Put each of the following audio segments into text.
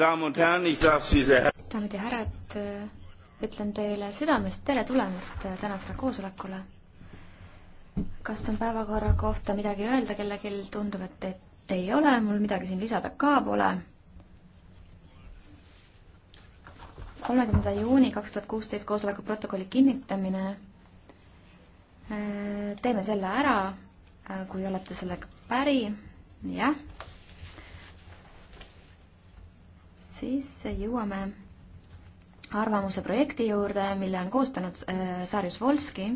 daamid ja härrad, äh, ütlen teile südamest tere tulemast äh, tänasele koosolekule. kas on päevakorra kohta midagi öelda kellelgi, tundub, et, et ei ole, mul midagi siin lisada ka pole. kolmekümnenda juuni kaks tuhat kuusteist koosoleku protokolli kinnitamine. Äh, teeme selle ära, kui olete sellega päri, jah siis jõuame arvamuse projekti juurde, mille on koostanud äh, Sarjus Volski.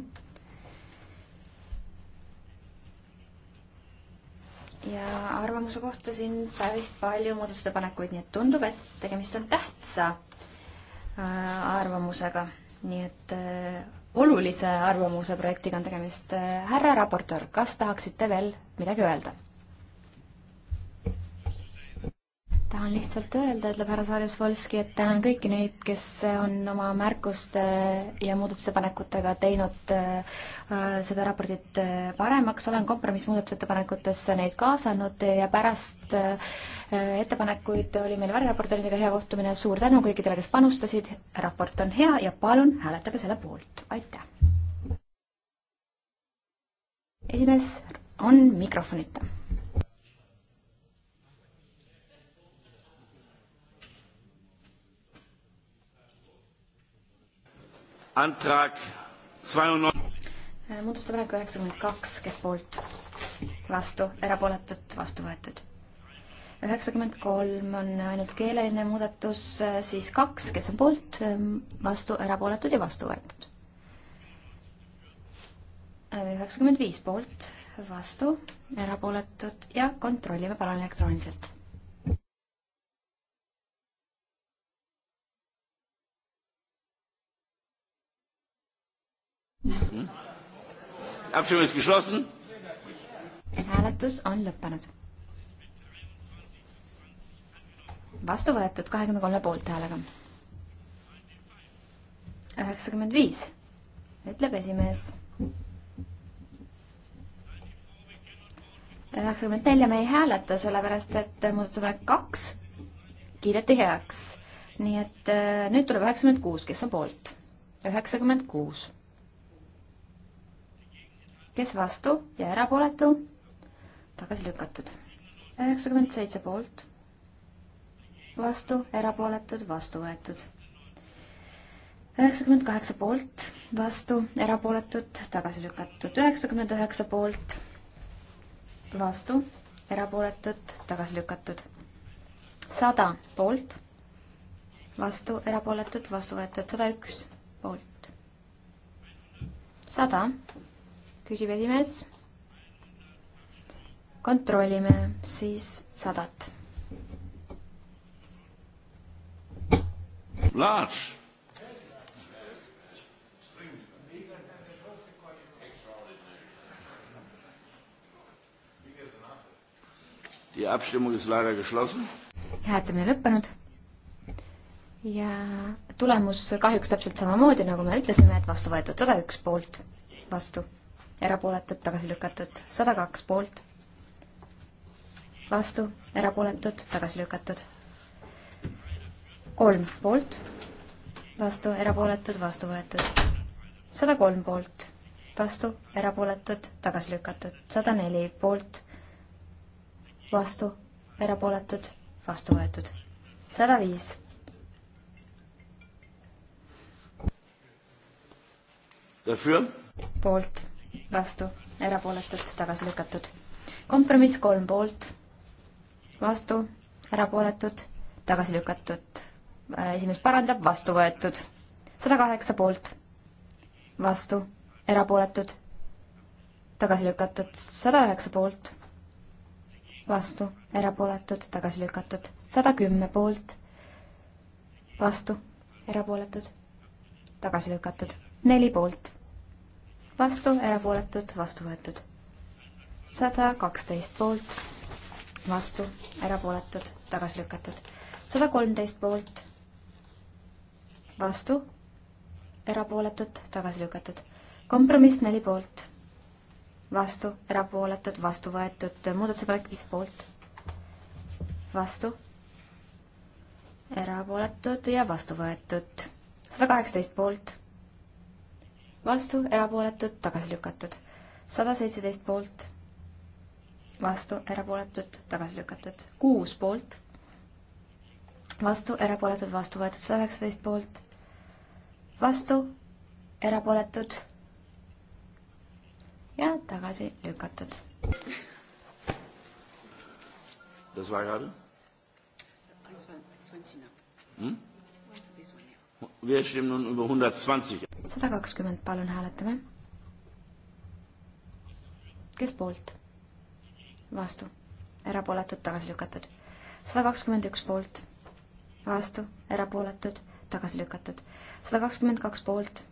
ja arvamuse kohta siin päris palju muudatusettepanekuid, nii et tundub, et tegemist on tähtsa äh, arvamusega, nii et äh, olulise arvamuse projektiga on tegemist. Äh, härra raportöör, kas tahaksite veel midagi öelda? tahan lihtsalt öelda, ütleb härra Saarjas-Volski, et tänan kõiki neid, kes on oma märkuste ja muudatusettepanekutega teinud äh, seda raportit äh, paremaks, olen kompromissmuudatusettepanekutesse neid kaasanud ja pärast äh, ettepanekuid oli meil variraportööridega hea kohtumine, suur tänu kõikidele, kes panustasid, raport on hea ja palun hääletage selle poolt, aitäh! esimees on mikrofonita Antrāk 92. Äh, muudatusettepanek üheksakümmend kaks, kes poolt, vastu, erapooletud, vastu võetud. üheksakümmend kolm on ainult keeleline muudatus, äh, siis kaks, kes on poolt, äh, vastu, erapooletud ja vastu võetud. üheksakümmend viis poolt, vastu, erapooletud ja kontrollime palun elektrooniliselt Hm? hääletus on lõppenud. vastu võetud kahekümne kolme poolthäälega. üheksakümmend viis, ütleb esimees. üheksakümmend nelja me ei hääleta, sellepärast et muudatusepanek kaks kiideti heaks. nii et äh, nüüd tuleb üheksakümmend kuus, kes on poolt? üheksakümmend kuus kes vastu ja erapooletu, tagasi lükatud. üheksakümmend seitse poolt, vastu, erapooletud, vastu võetud. üheksakümmend kaheksa poolt, vastu, erapooletud, tagasi lükatud. üheksakümmend üheksa poolt, vastu, erapooletud, tagasi lükatud. sada poolt, vastu, erapooletud, vastu võetud. sada üks poolt, sada küsib esimees. kontrollime siis sadat. Large. Die Abstimmung ist leider geschlossen. hääletamine lõppenud. ja tulemus kahjuks täpselt samamoodi, nagu me ütlesime, et vastu võetud sada üks poolt, vastu erapooletud, tagasi lükatud, sada kaks poolt, vastu, erapooletud, tagasi lükatud, kolm poolt, vastu, erapooletud, vastu võetud, sada kolm poolt, vastu, erapooletud, tagasi lükatud, sada neli poolt, vastu, erapooletud, vastu võetud, sada viis Dafür? Poolt vastu, erapooletud, tagasi lükatud. kompromiss kolm poolt, vastu, erapooletud, tagasi lükatud. Äh, esimees parandab, vastu võetud. sada kaheksa poolt, vastu, erapooletud, tagasi lükatud. sada üheksa poolt, vastu, erapooletud, tagasi lükatud. sada kümme poolt, vastu, erapooletud, tagasi lükatud. neli poolt vastu, erapooletud, vastu võetud. sada kaksteist poolt, vastu, erapooletud, tagasi lükatud. sada kolmteist poolt, vastu, erapooletud, tagasi lükatud. kompromiss neli poolt, vastu, erapooletud, vastu võetud, muudatusepanek viis poolt, vastu, erapooletud ja vastu võetud. sada kaheksateist poolt vastu, erapooletud, tagasi lükatud. sada seitseteist poolt, vastu, erapooletud, tagasi lükatud. kuus poolt, vastu, erapooletud, vastu võetud. sada üheksateist poolt, vastu, erapooletud ja tagasi lükatud. Das war gerade? Hm? Wir stimmen nun über 120 sada kakskümmend, palun hääletame. kes poolt? vastu, erapooletud, tagasi lükatud. sada kakskümmend üks poolt, vastu, erapooletud, tagasi lükatud. sada kakskümmend kaks poolt,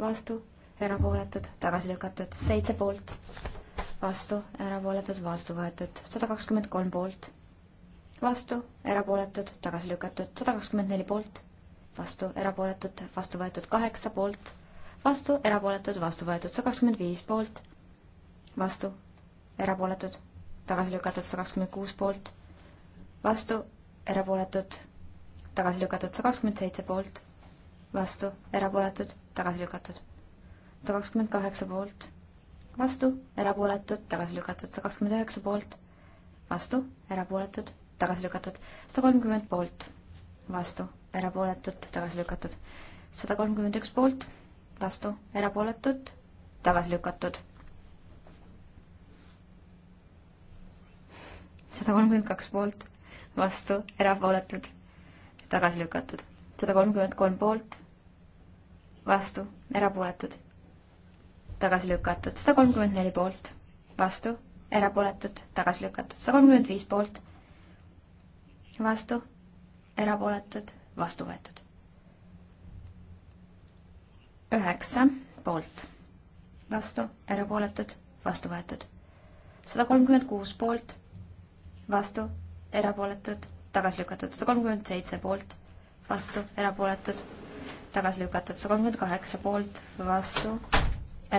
vastu, erapooletud, tagasi lükatud, seitse poolt, vastu, erapooletud, vastu võetud, sada kakskümmend kolm poolt, vastu, erapooletud, tagasi lükatud, sada kakskümmend neli poolt, vastu, erapooletud, vastu võetud kaheksa poolt, vastu, erapooletud, vastu võetud sada kakskümmend viis poolt, vastu, erapooletud, tagasi lükatud sada kakskümmend kuus poolt, vastu, erapooletud, tagasi lükatud sada kakskümmend seitse poolt, vastu, erapooletud, tagasi lükatud sada kakskümmend kaheksa poolt, vastu, erapooletud, tagasi lükatud sada kakskümmend üheksa poolt, vastu, erapooletud, tagasi lükatud sada kolmkümmend poolt, vastu erapooletud, tagasi lükatud. sada kolmkümmend üks poolt, vastu, erapooletud, tagasi lükatud. sada kolmkümmend kaks poolt, vastu, erapooletud, tagasi lükatud. sada kolmkümmend kolm poolt, vastu, erapooletud, tagasi lükatud. sada kolmkümmend neli poolt, vastu, erapooletud, tagasi lükatud. sada kolmkümmend viis poolt, vastu, erapooletud vastu võetud. üheksa poolt, vastu, erapooletud, vastu võetud. sada kolmkümmend kuus poolt, vastu, erapooletud, tagasi lükatud, sada kolmkümmend seitse poolt, vastu, erapooletud, tagasi lükatud, sada kolmkümmend kaheksa poolt, vastu,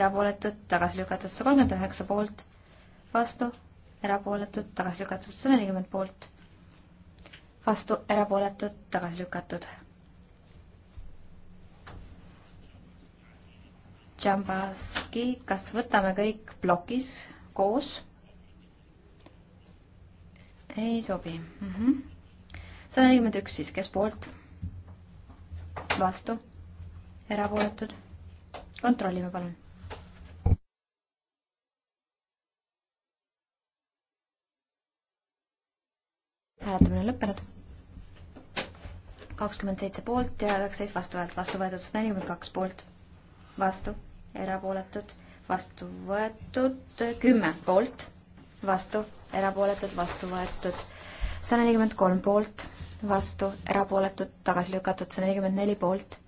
erapooletud, tagasi lükatud, sada kolmkümmend üheksa poolt, vastu, erapooletud, tagasi lükatud, sada nelikümmend poolt vastu, erapooletud, tagasi lükatud. Džambaski, kas võtame kõik plokis koos? ei sobi mm. sada -hmm. nelikümmend üks siis, kes poolt? vastu? erapooletud? kontrollime, palun. hääletamine on lõppenud kakskümmend seitse poolt ja üheksateist vastuhäält, vastu võetud sada nelikümmend kaks poolt, vastu, erapooletud, vastu võetud kümme poolt, vastu, erapooletud, vastu võetud sada nelikümmend kolm poolt, vastu, erapooletud, tagasi lükatud sada nelikümmend neli poolt,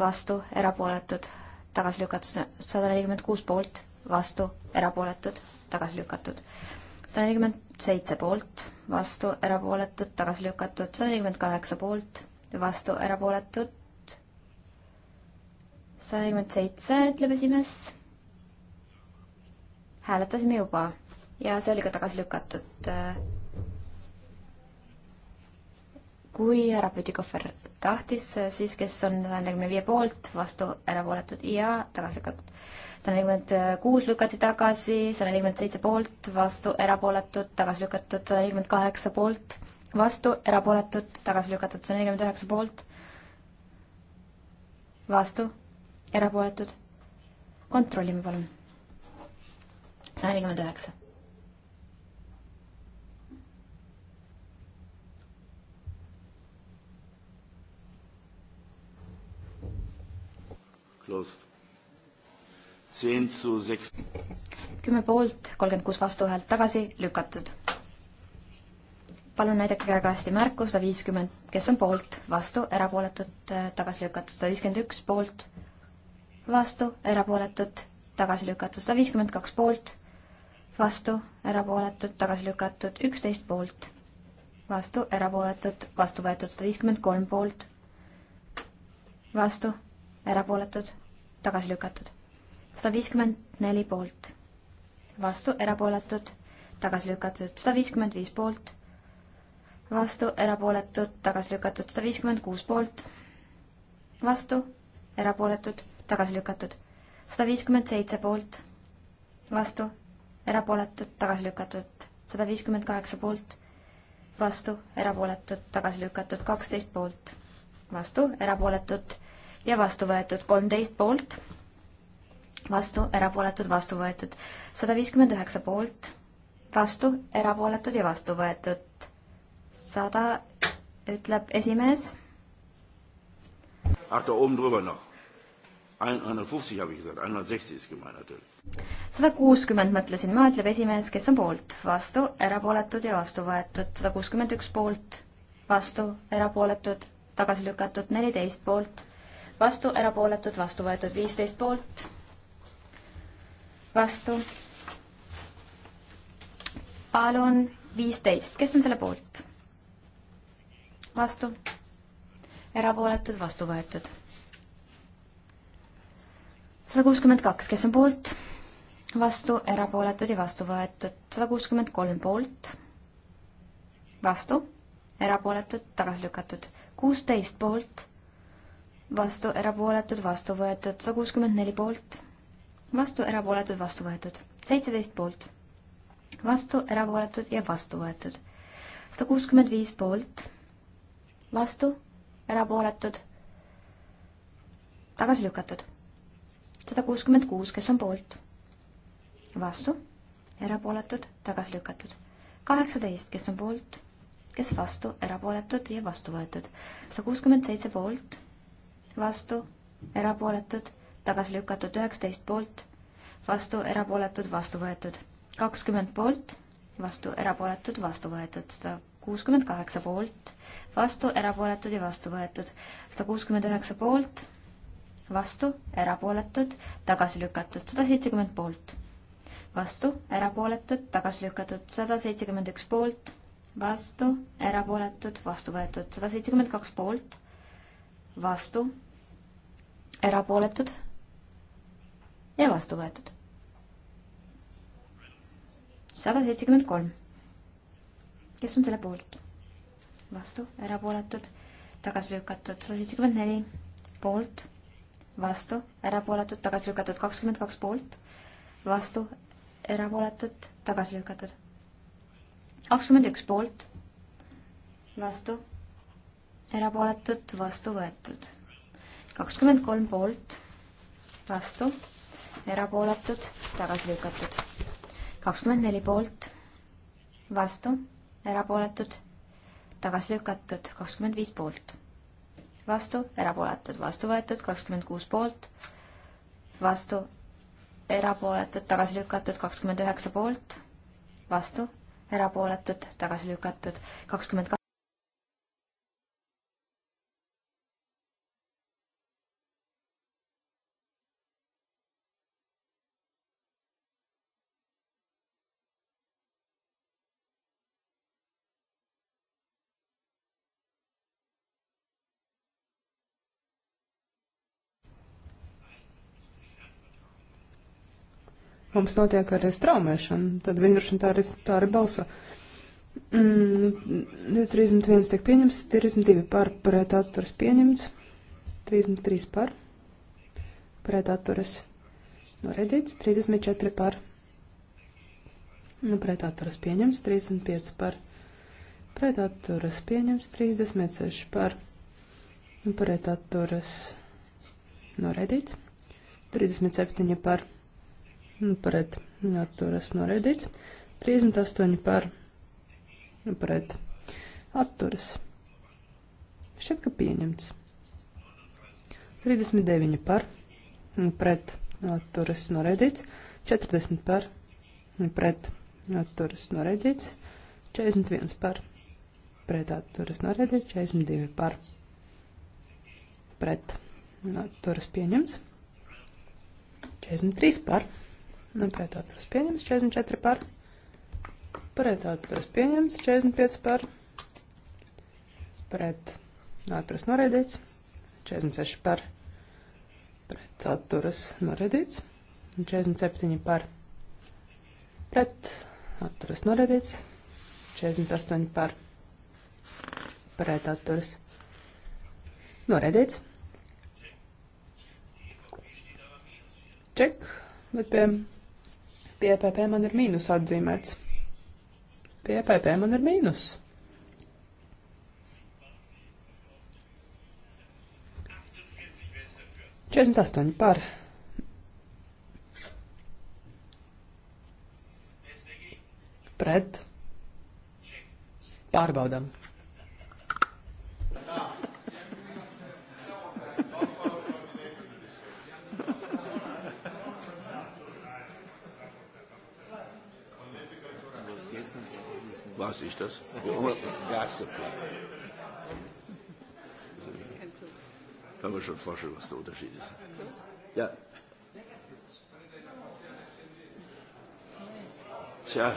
vastu, erapooletud, tagasi lükatud sada nelikümmend kuus poolt, vastu, erapooletud, tagasi lükatud sada nelikümmend seitse poolt, vastu, erapooletud, tagasi lükatud, sada nelikümmend kaheksa poolt, vastu, erapooletud, sada nelikümmend seitse, ütleb esimees. hääletasime juba ja see oli ka tagasi lükatud. kui härra Pütikofer tahtis, siis kes on neljakümne viie poolt, vastu, erapooletud ja tagasi lükatud sada nelikümmend äh, kuus lükati tagasi, sada nelikümmend seitse poolt, vastu, erapooletud, tagasi lükatud, sada nelikümmend kaheksa poolt, vastu, erapooletud, tagasi lükatud, sada nelikümmend üheksa poolt, vastu, erapooletud. kontrollime palun. sada nelikümmend üheksa. Closed kümme poolt, kolmkümmend kuus vastuhäält tagasi lükatud. palun näidake käega hästi märku, sada viiskümmend, kes on poolt, vastu, erapooletud, äh, tagasi lükatud, sada viiskümmend üks poolt, vastu, erapooletud, tagasi lükatud, sada viiskümmend kaks poolt, vastu, erapooletud, tagasi lükatud, üksteist poolt, vastu, erapooletud, vastu võetud, sada viiskümmend kolm poolt, vastu, erapooletud, tagasi lükatud sada viiskümmend neli poolt, vastu, erapooletud, tagasi lükatud, sada viiskümmend viis poolt, vastu, erapooletud, tagasi lükatud, sada viiskümmend kuus poolt, vastu, erapooletud, tagasi lükatud, sada viiskümmend seitse poolt, vastu, erapooletud, tagasi lükatud, sada viiskümmend kaheksa poolt, vastu, erapooletud, tagasi lükatud, kaksteist poolt, vastu, erapooletud ja vastu võetud kolmteist poolt vastu, erapooletud, vastu võetud. sada viiskümmend üheksa poolt, vastu, erapooletud ja vastu võetud. sada, ütleb esimees. Ach, da oben drüber noch. 150 habe ich gesagt, 160 ist gemeint natürlich. sada kuuskümmend mõtlesin ma, ütleb esimees, kes on poolt, vastu, erapooletud ja vastu võetud, sada kuuskümmend üks poolt, vastu, erapooletud, tagasi lükatud, neliteist poolt, vastu, erapooletud, vastu võetud, viisteist poolt vastu. palun viisteist, kes on selle poolt? vastu. erapooletud, vastu võetud. sada kuuskümmend kaks, kes on poolt? vastu, erapooletud ja vastu võetud. sada kuuskümmend kolm poolt. vastu, erapooletud, tagasi lükatud. kuusteist poolt vastu, erapooletud, vastu võetud, sada kuuskümmend neli poolt, vastu, erapooletud, vastu võetud. seitseteist poolt, vastu, erapooletud ja vastu võetud. sada kuuskümmend viis poolt, vastu, erapooletud, tagasi lükatud. sada kuuskümmend kuus, kes on poolt, vastu, erapooletud, tagasi lükatud. kaheksateist, kes on poolt, kes vastu, erapooletud ja vastu võetud. sada kuuskümmend seitse poolt, vastu, erapooletud tagasi lükatud üheksateist poolt, vastu erapooletud, vastu võetud kakskümmend poolt, vastu erapooletud, vastu võetud sada kuuskümmend kaheksa poolt, vastu erapooletud ja vastu võetud sada kuuskümmend üheksa poolt, vastu erapooletud, tagasi lükatud sada seitsekümmend poolt, vastu erapooletud, tagasi lükatud sada seitsekümmend üks poolt, vastu erapooletud, vastu võetud sada seitsekümmend kaks poolt, vastu erapooletud ja vastu võetud. sada seitsekümmend kolm. kes on selle poolt? vastu, erapooletud, tagasi lükatud, sada seitsekümmend neli, poolt, vastu, erapooletud, tagasi lükatud, kakskümmend kaks poolt, vastu, erapooletud, tagasi lükatud. kakskümmend üks poolt, vastu, erapooletud, vastu võetud. kakskümmend kolm poolt, vastu erapooletud, tagasi lükatud. kakskümmend neli poolt, vastu, erapooletud, tagasi lükatud, kakskümmend viis poolt, vastu, erapooletud, vastu võetud, kakskümmend kuus poolt, vastu, erapooletud, tagasi lükatud, kakskümmend üheksa poolt, vastu, erapooletud, tagasi lükatud, kakskümmend mums notiek arī straumēšana, tad viņi droši tā arī, tā arī balso. Mm, 31 tiek pieņemts, 32 par pret atturas pieņemts, 33 par pret atturas noredīts, 34 par nu, pret atturas pieņemts, 35 par pret atturas pieņemts, 36 par nu, pret atturas noredīts, 37 par pret pret atturas noraidīts, 38 par pret atturas. Šķiet, ka pieņemts. 39 par pret atturas noraidīts, 40 par pret atturas noraidīts, 41 par pret atturas noraidīts, 42 par pret atturas pieņemts, 43 par pret Nu, pret atturas pieņems 44 par. Pret atturas pieņems 45 par. Pret atturas noraidīts 46 par. Pret atturas noraidīts 47 par. Pret atturas noraidīts 48 par. Pret atturas noraidīts. Ček, bet pie Pie EPP man ir mīnus atzīmēts. Pie EPP man ir mīnus. Četrdesmit astoņi par. Pret. Pārbaudam. Weiß ich das? Gas Supply. Kann man schon vorstellen, was der Unterschied ist. Ja. Tja.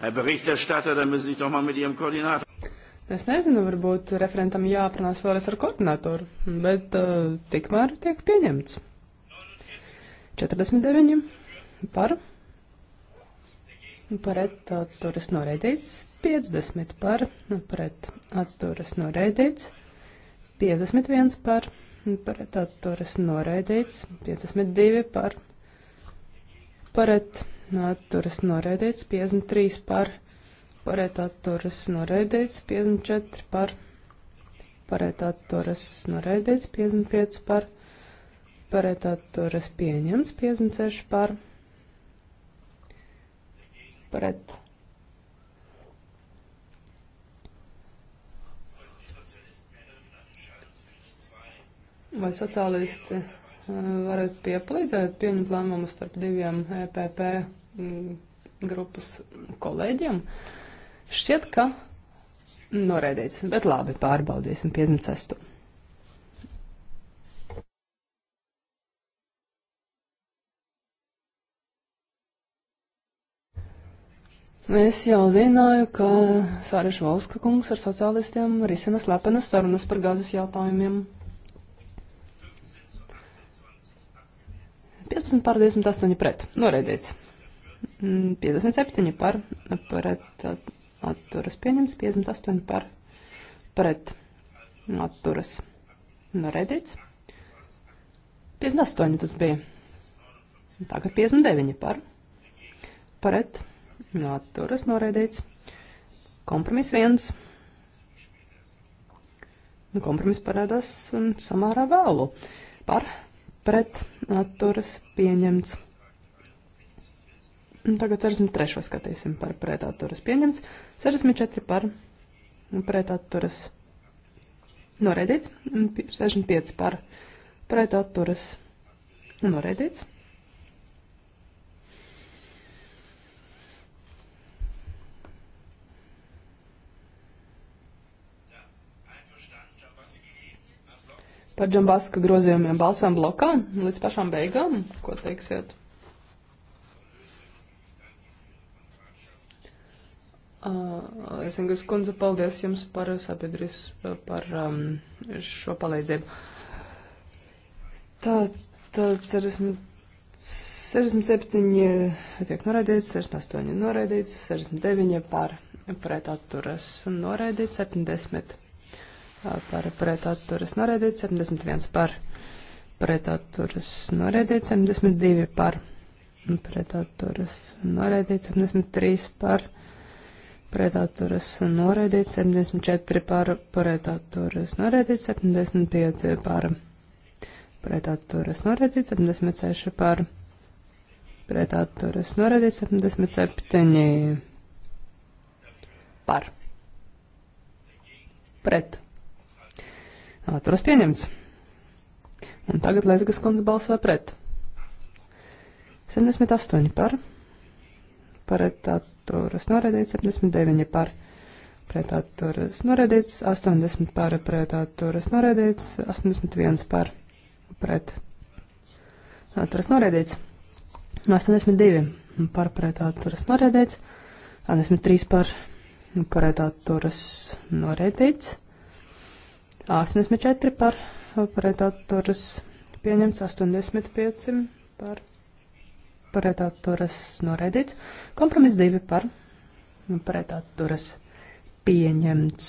Herr Berichterstatter, dann müssen Sie sich doch mal mit Ihrem Koordinator. Es nezinu, varbūt referentam jāaprunās vēlreiz ar koordinatoru, bet uh, tikmēr tiek pieņemts. 49 par pret atturas noraidīts, 50 nu, nu, par pret atturas noraidīts, 51 par pret atturas noraidīts, 52 par pret atturas noraidīts, 53 par pret atturas noraidīts, 54 par pret atturas noraidīts, 55 par pret atturas pieņems, 56 par pret pret. Vai sociālisti eh, varat piepalīdzēt pieņemt lēmumu starp diviem EPP mm, grupas kolēģiem? Šķiet, ka noraidīts, bet labi, pārbaudīsim 56. Es jau zināju, ka Sāriš Volska kungs ar sociālistiem risina slepenas sarunas par gāzes jautājumiem. 15 pār 28 pret, noraidīts. 57 mm, par, pret, atturas pieņems, 58 par, pret, atturas, noraidīts. 58 tas bija. Tagad 59 par, pret, atturas Atturas noraidīts. Kompromis viens. Nu, kompromis parādās un samārā vēlu. Par pret atturas pieņemts. Tagad 63 skatīsim par pret atturas pieņemts. 64 par pret atturas noraidīts. 65 par pret atturas noraidīts. par džambaska grozījumiem balsojam blokā līdz pašām beigām? Ko teiksiet? Uh, es zinu, skundze, paldies jums par sabiedris, par um, šo palīdzību. Tā, tā 60, 67 tiek noraidīts, 68 noraidīts, 69 pār pret atturas un noraidīts 70 par pretatturas norēdīt, 71 par pretatturas norēdīt, 72 par pretatturas norēdīt, 73 par pretatturas norēdīt, 74 par pretatturas norēdīt, 75 par pretatturas norēdīt, 76 par pretatturas norēdīt, 77 par pret Atturas pieņemts. Un tagad Lēzgas kundze balsoja pret. 78 par. Pret atturas noraidīts. 79 par. Pret atturas noraidīts. 80 par. Pret atturas noraidīts. 81 par. Pret atturas noraidīts. 82 par. Pret atturas noraidīts. 83 par. Pret atturas noraidīts. 84 par pretatturas pieņemts, 85 par pretatturas noraidīts, kompromiss 2 par pretatturas pieņemts.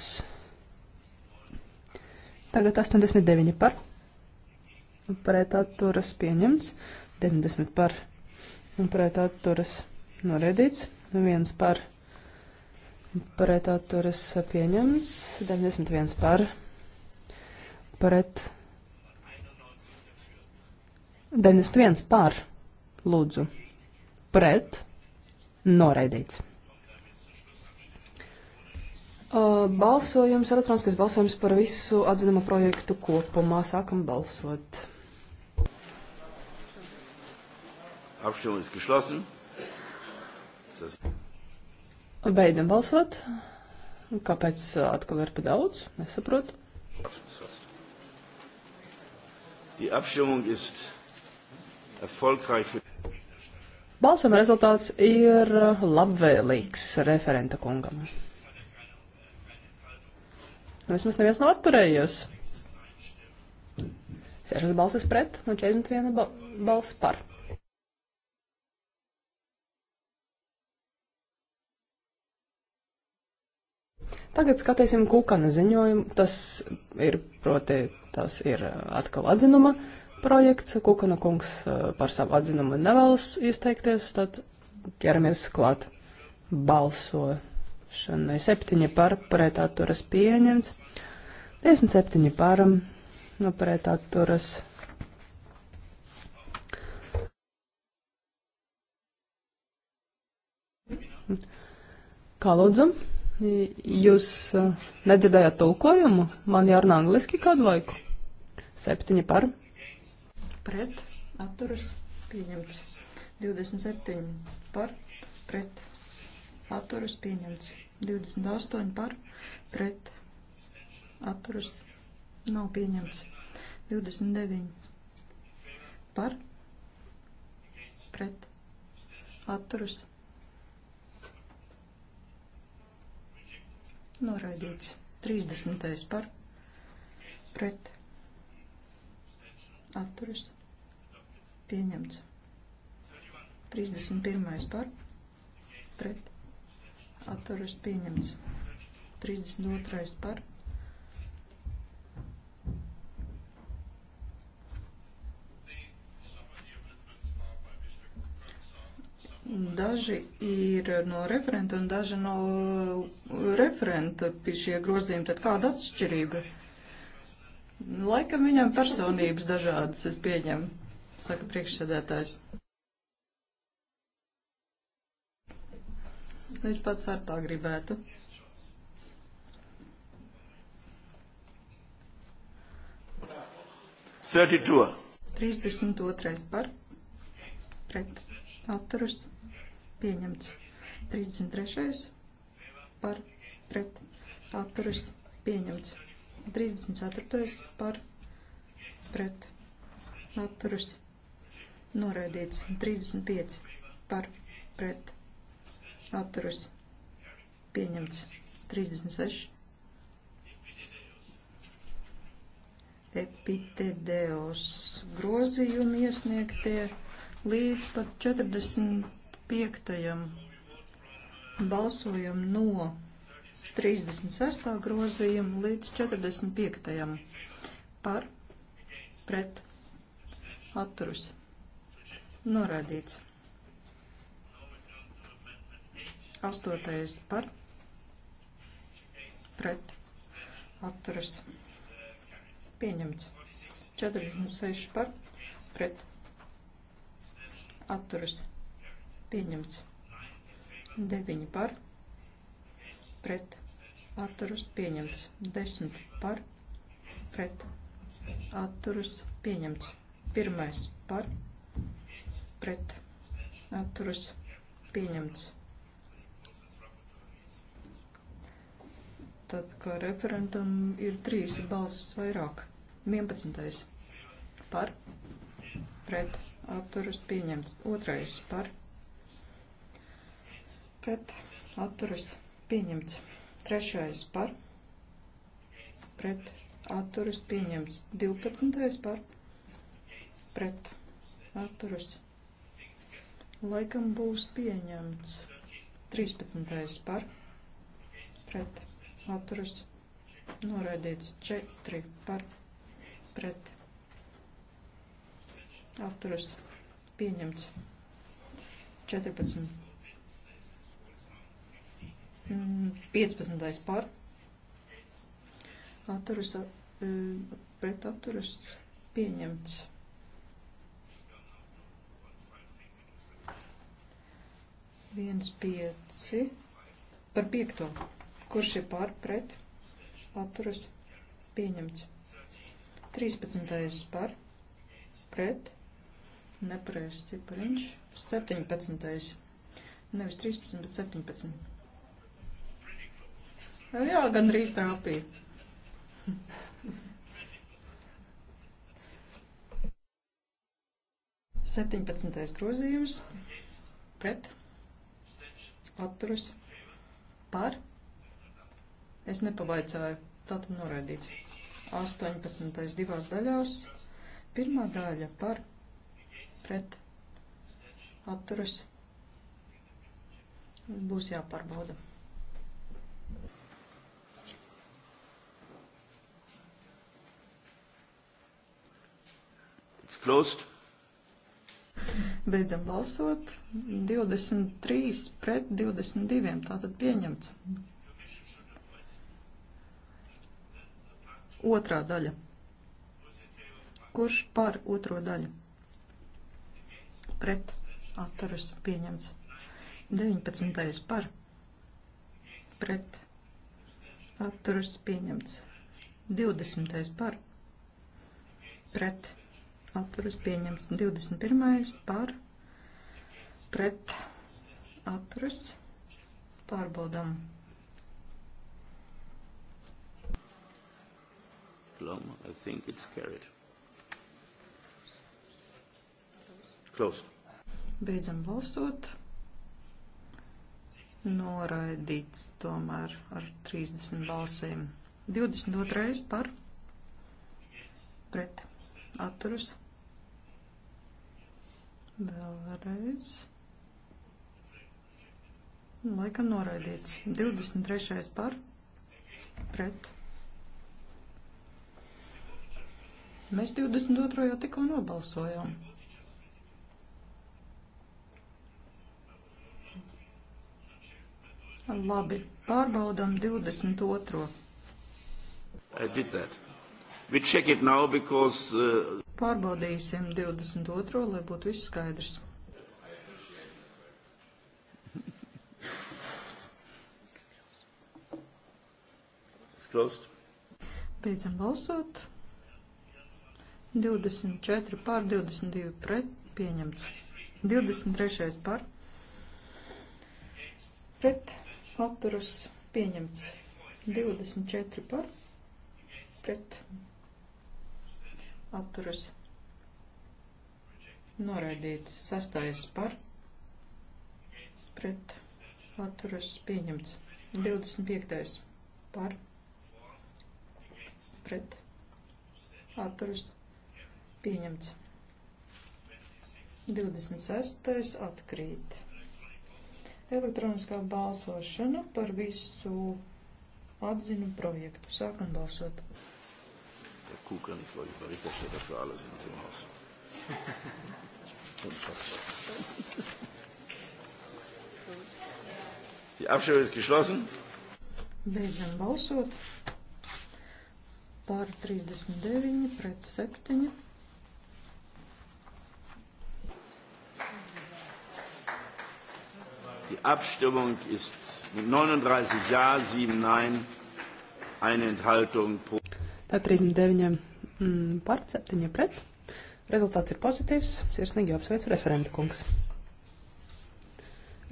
Tagad 89 par pretatturas pieņemts, 90 par pretatturas noraidīts, 1 par pretatturas pieņemts, 91 par pretatturas pret 91 pār lūdzu pret noraidīts. Balsojums, elektroniskais balsojums par visu atzinuma projektu kopumā. Sākam balsot. Abstimmung ist geschlossen. Beidzam balsot. Kāpēc atkal ir pa daudz? Nesaprotu. Die Abstimmung ist erfolgreich. Balsojuma rezultāts ir eh, labvēlīgs referenta kungam. Nu, vismaz neviens nav atturējies. 6 balsis pret un 41 ba balss par. Tagad skatīsim Kukana ziņojumu. Tas ir, proti, tas ir uh, atkal atzinuma projekts. Kukana kungs uh, par savu atzinumu nevēlas izteikties, tad ķeramies klāt balsošanai. 7 par pretāturas pieņemts, 57 par um, no nu, pretāturas. Kā lūdzu? Jūs nedzirdējāt tulkojumu? Man jārunā angliski kādu laiku. Septiņi par. Pret. Atturas. Pieņemts. 27 par. Pret. Atturas. Pieņemts. 28 par. Pret. Atturas. Nav pieņemts. 29 par. Pret. Atturas. noraidīts. 30. par pret atturas pieņemts. 31. par pret atturas pieņemts. 32. par pret Daži ir no referenta un daži no uh, referenta pie šie grozījumi. Tad kāda atšķirība? Laikam viņam personības dažādas, es pieņemu, saka priekšsēdētājs. Es pats ar tā gribētu. Trīsdesmit otrais par pret atturus pieņemts. 33. par pret atturas pieņemts. 34. par pret atturas noraidīts. 35. par pret atturas pieņemts. 36. epitēdeos grozījumi iesniegtie līdz pat 40. 35. balsojam no 36. grozījuma līdz 45. par pret atturus norādīts. 8. par pret atturus pieņemts. 46 par pret atturus pieņemts. Pieņemts. 9 par. Pret. Atturus pieņemts. 10 par. Pret. Atturus pieņemts. 1 par. Pret. Atturus pieņemts. Tad, kā referentam ir 3 balsis vairāk. 11. par. Pret. Atturus pieņemts. 2 par. Pret pret atturas pieņemts. Trešais par pret atturas pieņemts. 12. par pret atturas. Laikam būs pieņemts. 13. par pret atturas. Noraidīts 4 par pret atturas. Pieņemts. 14 15. par. Atturas, e, pret atturas pieņemts. Viens pieci. Par piekto. Kurš ir par, pret? Atturas pieņemts. 13. par, pret, nepareizs cipariņš, 17. Nevis 13, bet 17. Jā, gandrīz trāpīja. Septiņpadsmitais grozījums pret atturas par. Es nepavaicāju, tātad noraidīts. 18. divās daļās. Pirmā daļa par pret atturas būs jāpārbauda. closed. Beidzam balsot. 23 pret 22. Tātad pieņemts. Otrā daļa. Kurš par otro daļu? Pret atturas pieņemts. 19. par. Pret atturas pieņemts. 20. par. Pret atturas pieņemts. 21. par pret atturas pārbaudām. Plum, I think it's carried. Closed. Beidzam balsot. Noraidīts tomēr ar 30 balsīm. 22 reiz par pret atturus Vēlreiz. Laikam noraidīts. 23. par. Pret. Mēs 22. jau tikko nobalsojām. Labi, pārbaudām 22. I did that. We check it now because... Uh... Pārbaudīsim 22. lai būtu viss skaidrs. Closed. Beidzam balsot. 24 pār 22 pret pieņemts. 23 pār pret atturus pieņemts. 24 pār pret atturas noraidīts. Sastais par pret atturas pieņemts. 25. par pret atturas pieņemts. 26. atkrīt. Elektroniskā balsošana par visu atzinu projektu. Sākam balsot. Der Kuhgren, ich glaube, ich Berichterstatter für alles in diesem Haus. Unfassbar. Die Abstimmung ist geschlossen. Beidzam balsot. Pār 39 pret 7. Die Abstimmung ist mit 39 Ja, 7 Nein, eine Enthaltung pro. 39 mm, par, 7 pret. Rezultāts ir pozitīvs. Sirsnīgi apsveicu referenta kungs.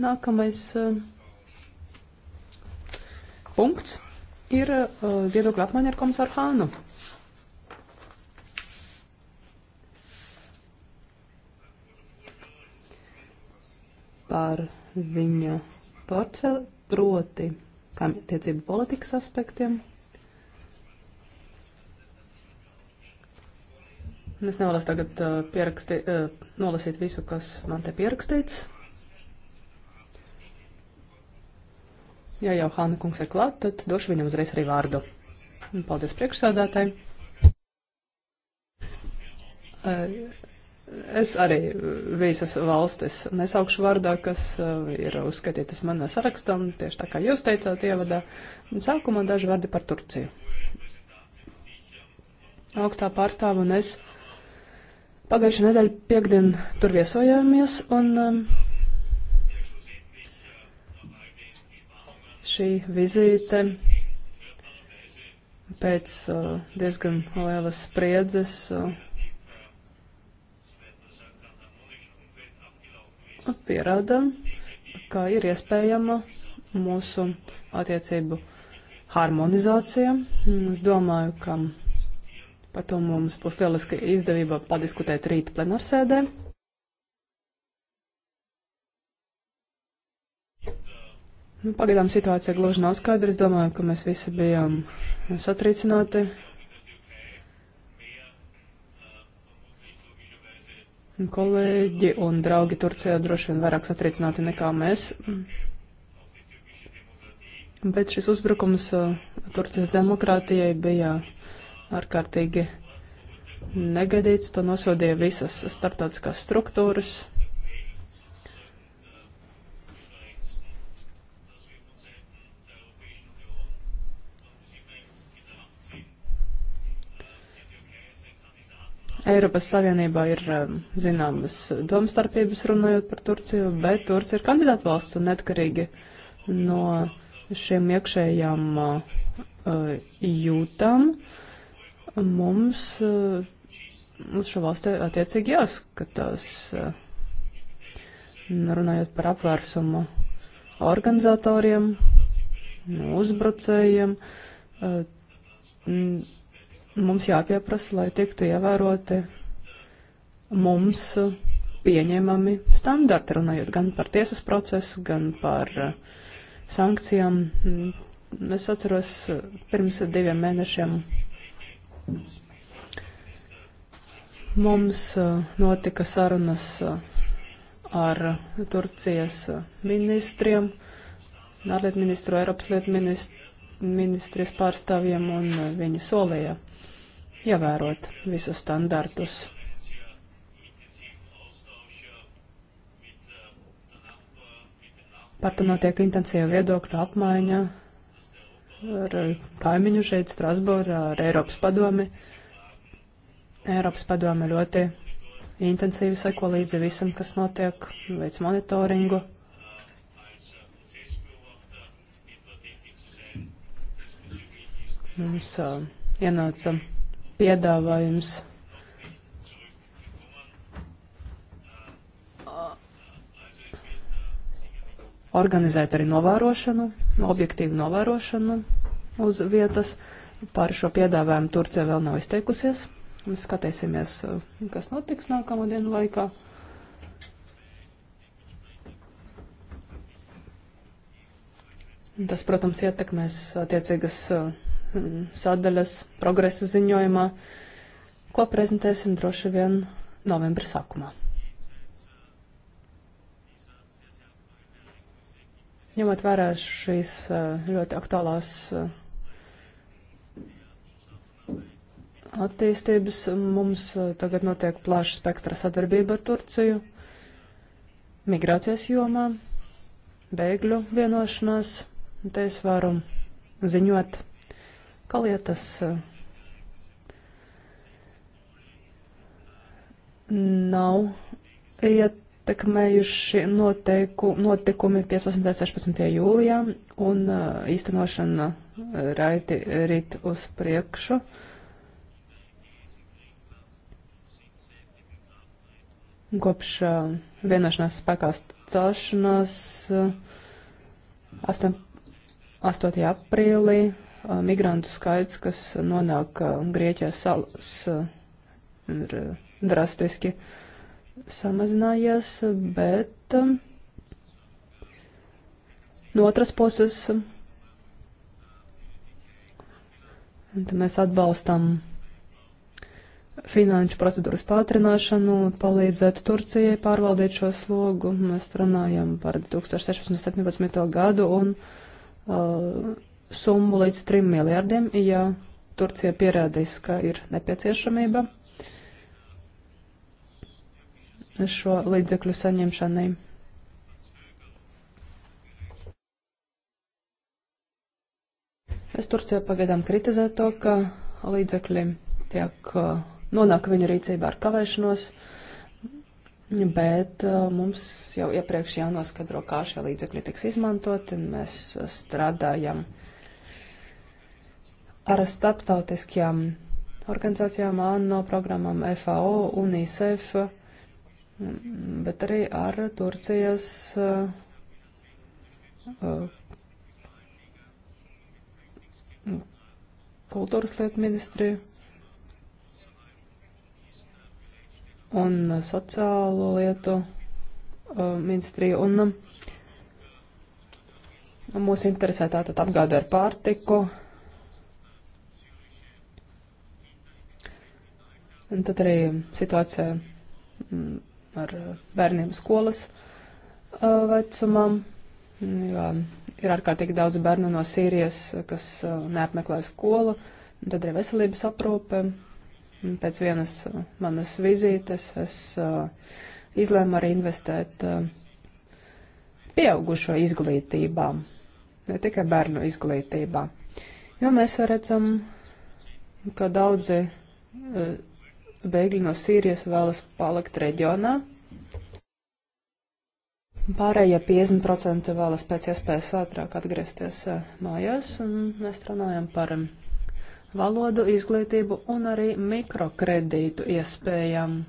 Nākamais eh, punkts ir eh, viedokļa apmaiņa ar komisāru Hānu. Par viņa portfeli, proti kaimietiecību politikas aspektiem. Es nevaru tagad uh, pieraksti, uh, nolasīt visu, kas man te pierakstīts. Ja jau Hāna kungs ir klāt, tad došu viņam uzreiz arī vārdu. Un paldies priekšsādātāji. Uh, es arī visas valstis nesaukšu vārdā, kas uh, ir uzskatītas manā sarakstam, tieši tā kā jūs teicāt ievadā. Sākumā daži vārdi par Turciju. Augstā pārstāva un es Pagājušā nedēļa piekdien tur viesojāmies, un um, šī vizīte pēc uh, diezgan lielas spriedzes uh, pierāda, ka ir iespējama mūsu attiecību harmonizācija. Es domāju, ka Par to mums būs lieliska izdevība padiskutēt rīt plenārsēdē. Nu, pagaidām situācija gluži nav skaidra. Es domāju, ka mēs visi bijām satricināti. Un kolēģi un draugi Turcijā droši vien vairāk satricināti nekā mēs. Bet šis uzbrukums uh, Turcijas demokrātijai bija ārkārtīgi negadīts. To nosodīja visas starptautiskās struktūras. Eiropas Savienībā ir um, zināmas domstarpības runājot par Turciju, bet Turcija ir kandidāta valsts un netkarīgi no šiem iekšējām uh, uh jūtām. Uh, mums eh, uz šo valsti attiecīgi jāskatās, eh, runājot par apvērsumu organizatoriem, nu, uzbrucējiem. Eh, mums jāpieprasa, lai tiktu ievēroti mums pieņemami standarti, runājot gan par tiesas procesu, gan par sankcijām. Es atceros, pirms diviem mēnešiem Mums uh, notika sarunas uh, ar Turcijas uh, ministriem, ārlietu ministru, Eiropas lietu ministrijas pārstāvjiem, un viņi solīja ievērot visus standartus. Par to notiek intensīva viedokļa apmaiņa ar kaimiņu šeit Strasbūrā, ar Eiropas padomi. Eiropas padome ļoti intensīvi seko līdzi visam, kas notiek, veic monitoringu. Mums uh, ienāca piedāvājums organizēt arī novērošanu objektīvu novērošanu uz vietas. Par šo piedāvājumu Turcija vēl nav izteikusies. Mēs skatīsimies, kas notiks nākamo dienu laikā. Tas, protams, ietekmēs attiecīgas mm, sadaļas progresa ziņojumā, ko prezentēsim droši vien novembra sākumā. Ņemot vērā šīs eh, ļoti aktuālās eh, attīstības, mums eh, tagad notiek plaša spektra sadarbība ar Turciju migrācijas jomā, bēgļu vienošanās. Te es varu ziņot, ka lietas nav iet ietekmējuši noteiku, notikumi 15. un 16. jūlijā un uh, īstenošana uh, raiti rit uz priekšu. Kopš uh, vienošanās spēkā stāšanās 8. 8. aprīlī migrantu skaits, kas nonāk Grieķijas salas, ir drastiski uh, samazinājies, bet um, no otras puses mēs atbalstam finanšu procedūras pātrināšanu, palīdzēt Turcijai pārvaldīt šo slogu. Mēs runājam par 2016-2017 gadu un uh, summu līdz 3 miljārdiem, ja Turcija pierādīs, ka ir nepieciešamība šo līdzekļu saņemšanai. Es Turcijā pagaidām kritizēju to, ka līdzekļi tiek uh, nonāk viņu rīcībā ar kavēšanos, bet uh, mums jau iepriekš jānoskadro, kā šie līdzekļi tiks izmantoti. Mēs strādājam ar starptautiskajām organizācijām, ANO programmām, FAO, UNICEF bet arī ar Turcijas uh, kultūras lietu ministriju un sociālo lietu uh, ministriju. Un, um, mūs interesē tātad apgāde ar pārtiku. Un tad arī situācija mm, ar eh, bērniem skolas eh, vecumam, jo ir ārkārtīgi daudz bērnu no Sīrijas, eh, kas neapmeklē skolu, un tad ir veselības aprūpe. Pēc vienas manas vizītes es izlēmu arī investēt pieaugušo izglītībā, ne tikai bērnu izglītībā. Jo mēs redzam, ka daudzi bēgļi no Sīrijas vēlas palikt reģionā. Pārējie 50% vēlas pēc iespējas ātrāk atgriezties eh, mājās, un mēs runājam par um, valodu izglītību un arī mikrokredītu iespējām.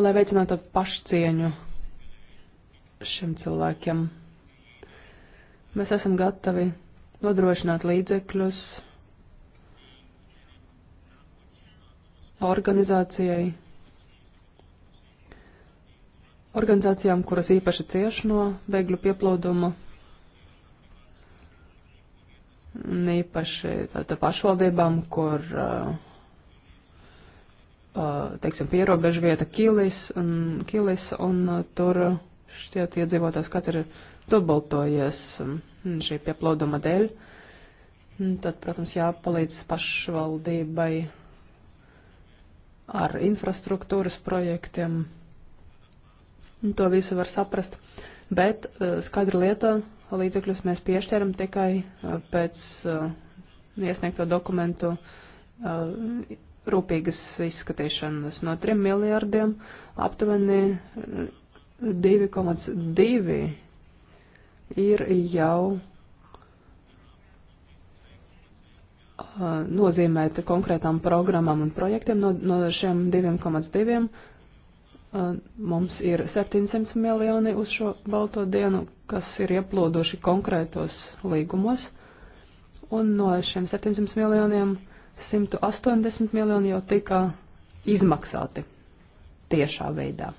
Lai veicinātu pašcieņu šiem cilvēkiem, mēs esam gatavi nodrošināt līdzekļus organizācijai, organizācijām, kuras īpaši cieš no bēgļu pieplūduma, un īpaši tāda pašvaldībām, kur, uh, uh, teiksim, pierobežu vieta Kilis un, Kilis, un uh, tur šķiet iedzīvotājs kāds ir dubultojies um, šī pieplūduma dēļ. Tad, protams, jāpalīdz pašvaldībai ar infrastruktūras projektiem. Un to visu var saprast, bet e, skaidra lieta līdzekļus mēs piešķēram tikai e, pēc e, iesniegto dokumentu rūpīgas izskatīšanas. No 3 miljārdiem aptuveni 2,2 ir jau Uh, nozīmēt konkrētām programmām un projektiem. No, no šiem 2,2 uh, mums ir 700 miljoni uz šo balto dienu, kas ir ieplūduši konkrētos līgumos. Un no šiem 700 miljoniem 180 miljoni jau tika izmaksāti tiešā veidā.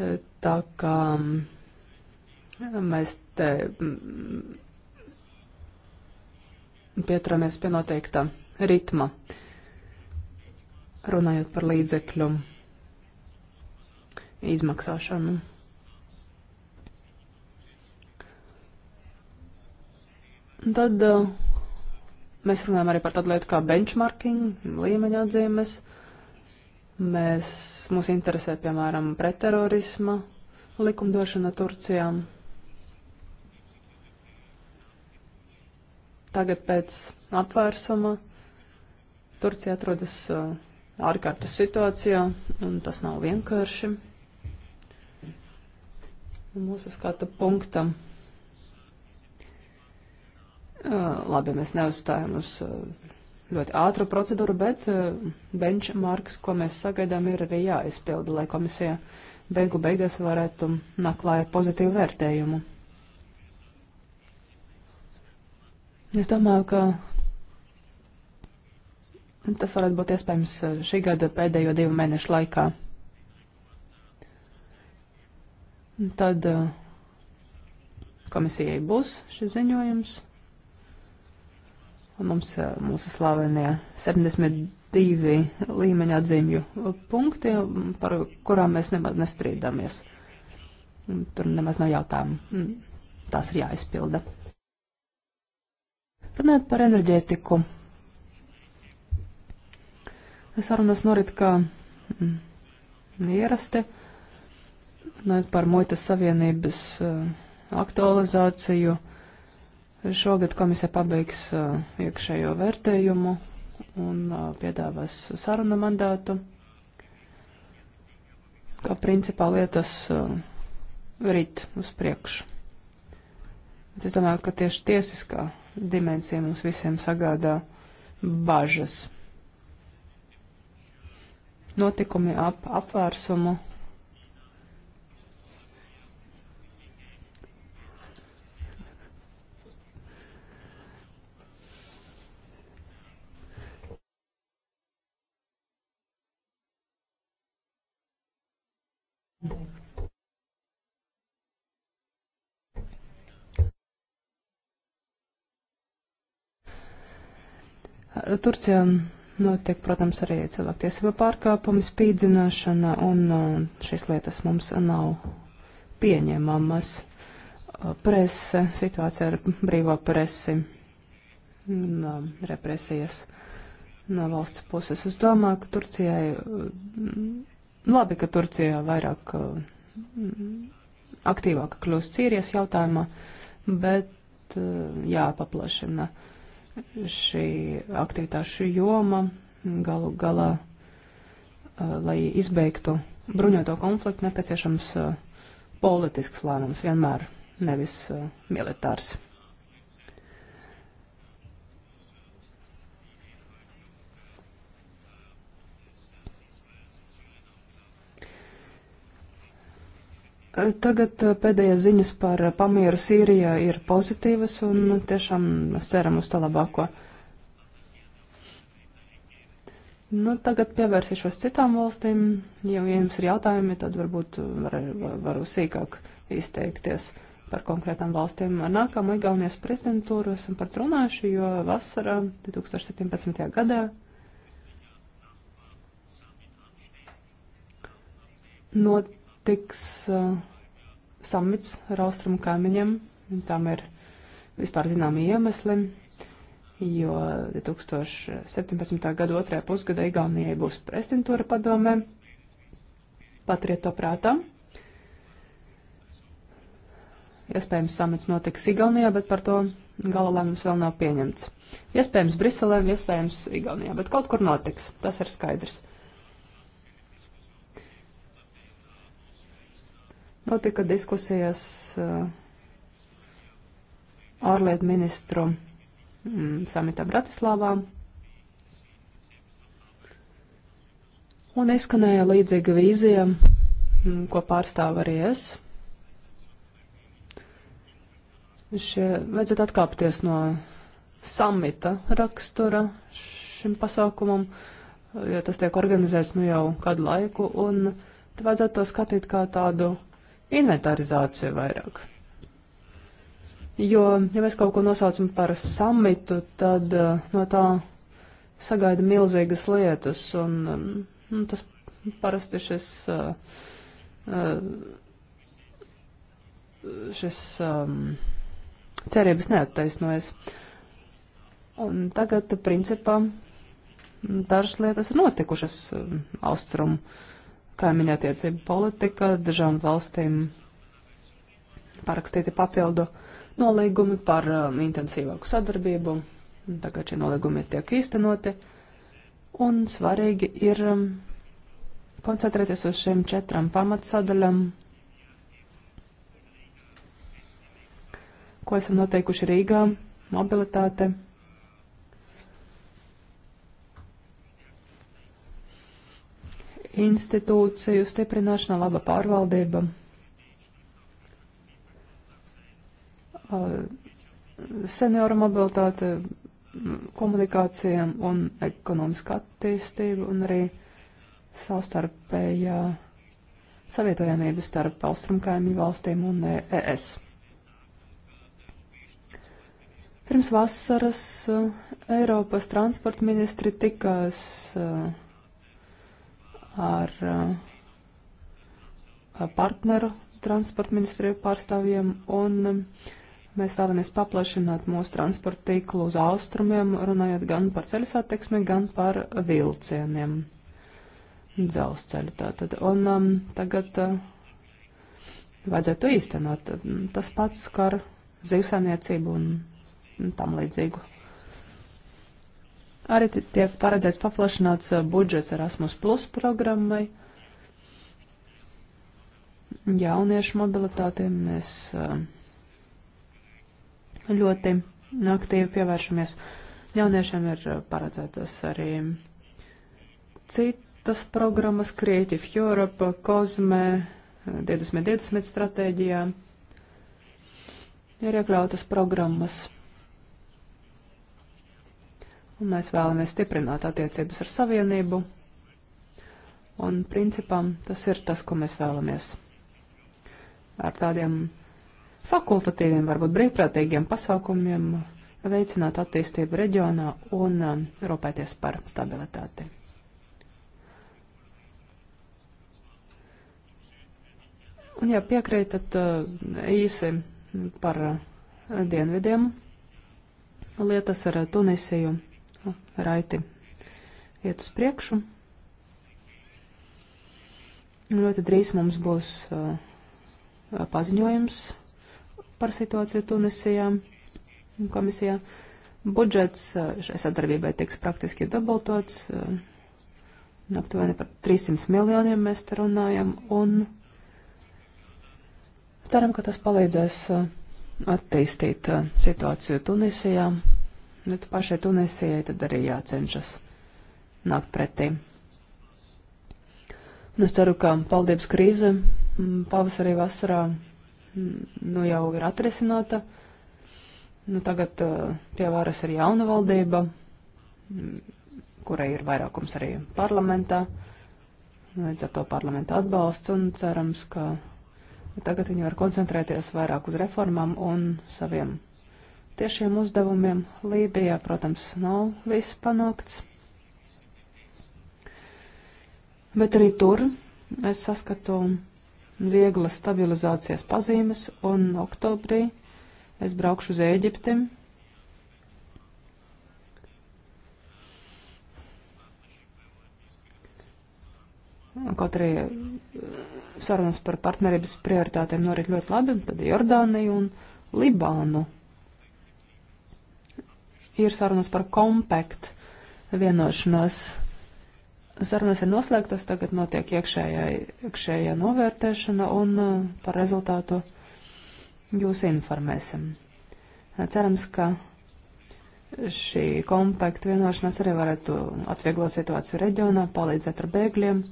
Uh, tā kā um, mēs te mm, pieturamies pie noteikta ritma, runājot par līdzekļu izmaksāšanu. Tad uh, mēs runājam arī par tādu lietu kā benchmarking, līmeņa atzīmes. Mēs, mūs interesē, piemēram, pretterorisma likumdošana Turcijām. Tagad pēc apvērsuma Turcija atrodas uh, ārkārtas situācijā, un tas nav vienkārši. Mūsu skata punktam. Uh, labi, mēs neuzstājam uz uh, ļoti ātru procedūru, bet benchmarks, ko mēs sagaidām, ir arī jāizpilda, lai komisija beigu beigās varētu naklāt pozitīvu vērtējumu. Es domāju, ka tas varētu būt iespējams eh, šī gada pēdējo divu mēnešu laikā. Tad eh, komisijai būs šis ziņojums. Mums eh, mūsu slavenie 72 līmeņa atzīmju punkti, par kurām mēs nemaz nestrīdamies. Tur nemaz nav jautājumu. Mm, tās ir jāizpilda. Runājot par enerģētiku. Sarunas norit kā mm, ierasti. Runājot par muitas savienības eh, aktualizāciju. Šogad komisija pabeigs eh, iekšējo vērtējumu un eh, piedāvās sarunu mandātu. Kā principā lietas rit uz priekšu. Es domāju, ka tieši tiesiskā dimensija mums visiem sagādā bažas. Notikumi ap apvērsumu Turcijā notiek, protams, arī cilvēktiesība pārkāpumi, spīdzināšana, un uh, šīs lietas mums nav pieņemamas. Uh, prese, situācija ar brīvo presi, no, uh, represijas no valsts puses. Es domāju, ka Turcijai, labi, ka Turcijā vairāk aktīvāk kļūst Sīrijas jautājumā, bet jāpaplašina. Uh, šī aktivitāšu joma galu galā, lai izbeigtu bruņoto konfliktu, nepieciešams politisks lēmums vienmēr, nevis militārs. Tagad eh, pēdējās ziņas par eh, pamieru Sīrijā ir pozitīvas un tiešām ceram uz to labāko. Nu, tagad pievērsīšos citām valstīm. Ja jums ir jautājumi, tad varbūt eh, var, var, varu sīkāk izteikties par konkrētām valstīm. Ar nākamo Igaunijas prezidentūru esam par runājuši, jo vasarā 2017. gadā notiks. Uh, samits ar austrumu kaimiņiem. Tam ir vispār zināmi iemesli, jo 2017. gada otrajā pusgada Igaunijai būs prezidentūra padomē. Paturiet to prātā. Iespējams, samits notiks Igaunijā, bet par to gala lēmums vēl nav pieņemts. Iespējams, Briselē, iespējams, Igaunijā, bet kaut kur notiks. Tas ir skaidrs. Notika diskusijas uh, ārlietu ministru mm, samitā Bratislāvā. Un izskanēja līdzīga vīzija, mm, ko pārstāv arī es. Šie vajadzētu atkāpties no samita rakstura šim pasākumam, jo tas tiek organizēts nu jau kādu laiku, un te vajadzētu to skatīt kā tādu inventarizāciju vairāk. Jo, ja mēs kaut ko nosaucam par samitu, tad eh, no tā sagaida milzīgas lietas, un, un um, nu, tas parasti šis, eh, eh, šis um, cerības neattaisnojas. Un tagad, principā, dažas lietas ir notikušas um, austrumu kaimiņattiecību politika, dažām valstīm parakstīti papildu nolīgumi par um, intensīvāku sadarbību. Tagad šie nolīgumi tiek īstenoti. Un svarīgi ir um, koncentrēties uz šiem četrām pamatsadaļām, ko esam noteikuši Rīgā - mobilitāte, institūciju stiprināšana, laba pārvaldība, senioru mobilitāte, komunikācijām un ekonomiskā attīstība un arī savstarpējā savietojamība starp austrumkaimiņu valstīm un ES. E Pirms vasaras Eiropas transporta ministri tikās uh, ar eh, partneru transporta ministriju pārstāvjiem, un eh, mēs vēlamies paplašināt mūsu transporta tīklu uz austrumiem, runājot gan par ceļu satiksmi, gan par vilcieniem dzelzceļu. Tātad. Un um, tagad uh, vajadzētu īstenot. Tas pats skar zivsāniecību un tam līdzīgu Arī tiek paredzēts paplašināts budžets Erasmus Plus programmai. Jauniešu mobilitātei mēs ļoti aktīvi pievēršamies. Jauniešiem ir paredzētas arī citas programmas Creative Europe, Cosme, 2020 stratēģijā. Ir iekļautas programmas un mēs vēlamies stiprināt attiecības ar Savienību. Un principā tas ir tas, ko mēs vēlamies. Ar tādiem fakultatīviem, varbūt brīvprātīgiem pasākumiem veicināt attīstību reģionā un um, rūpēties par stabilitāti. Un, ja piekrītat uh, īsi par uh, dienvidiem, lietas ar Tunisiju Nu, raiti iet uz priekšu. Nu, ļoti drīz mums būs uh, paziņojums par situāciju Tunisijā komisijā. Budžets uh, šai sadarbībai tiks praktiski dubultots. Uh, aptuveni par 300 miljoniem mēs te runājam un ceram, ka tas palīdzēs uh, attīstīt uh, situāciju Tunisijā bet nu, pašai Tunisijai tad arī jācenšas nākt pretī. Un nu, es ceru, ka paldības krīze mm, pavasarī vasarā mm, nu, jau ir atrisināta. Nu, tagad eh, pie varas ir jauna valdība, mm, kurai ir vairākums arī parlamentā. Līdz ar to parlamenta atbalsts un cerams, ka tagad viņi var koncentrēties vairāk uz reformām un saviem tiešiem uzdevumiem. Lībijā, protams, nav viss panākts. Bet arī tur es saskatu vieglas stabilizācijas pazīmes, un oktobrī es braukšu uz Ēģipti. Kaut arī sarunas par partnerības prioritātēm norit ļoti labi, tad Jordāniju un Libānu ir sarunas par kompaktu vienošanos. Sarunas ir noslēgtas, tagad notiek iekšējā, iekšējā novērtēšana un uh, par rezultātu jūs informēsim. Uh, cerams, ka šī kompakta vienošanās arī varētu atvieglot situāciju reģionā, palīdzēt ar bēgļiem.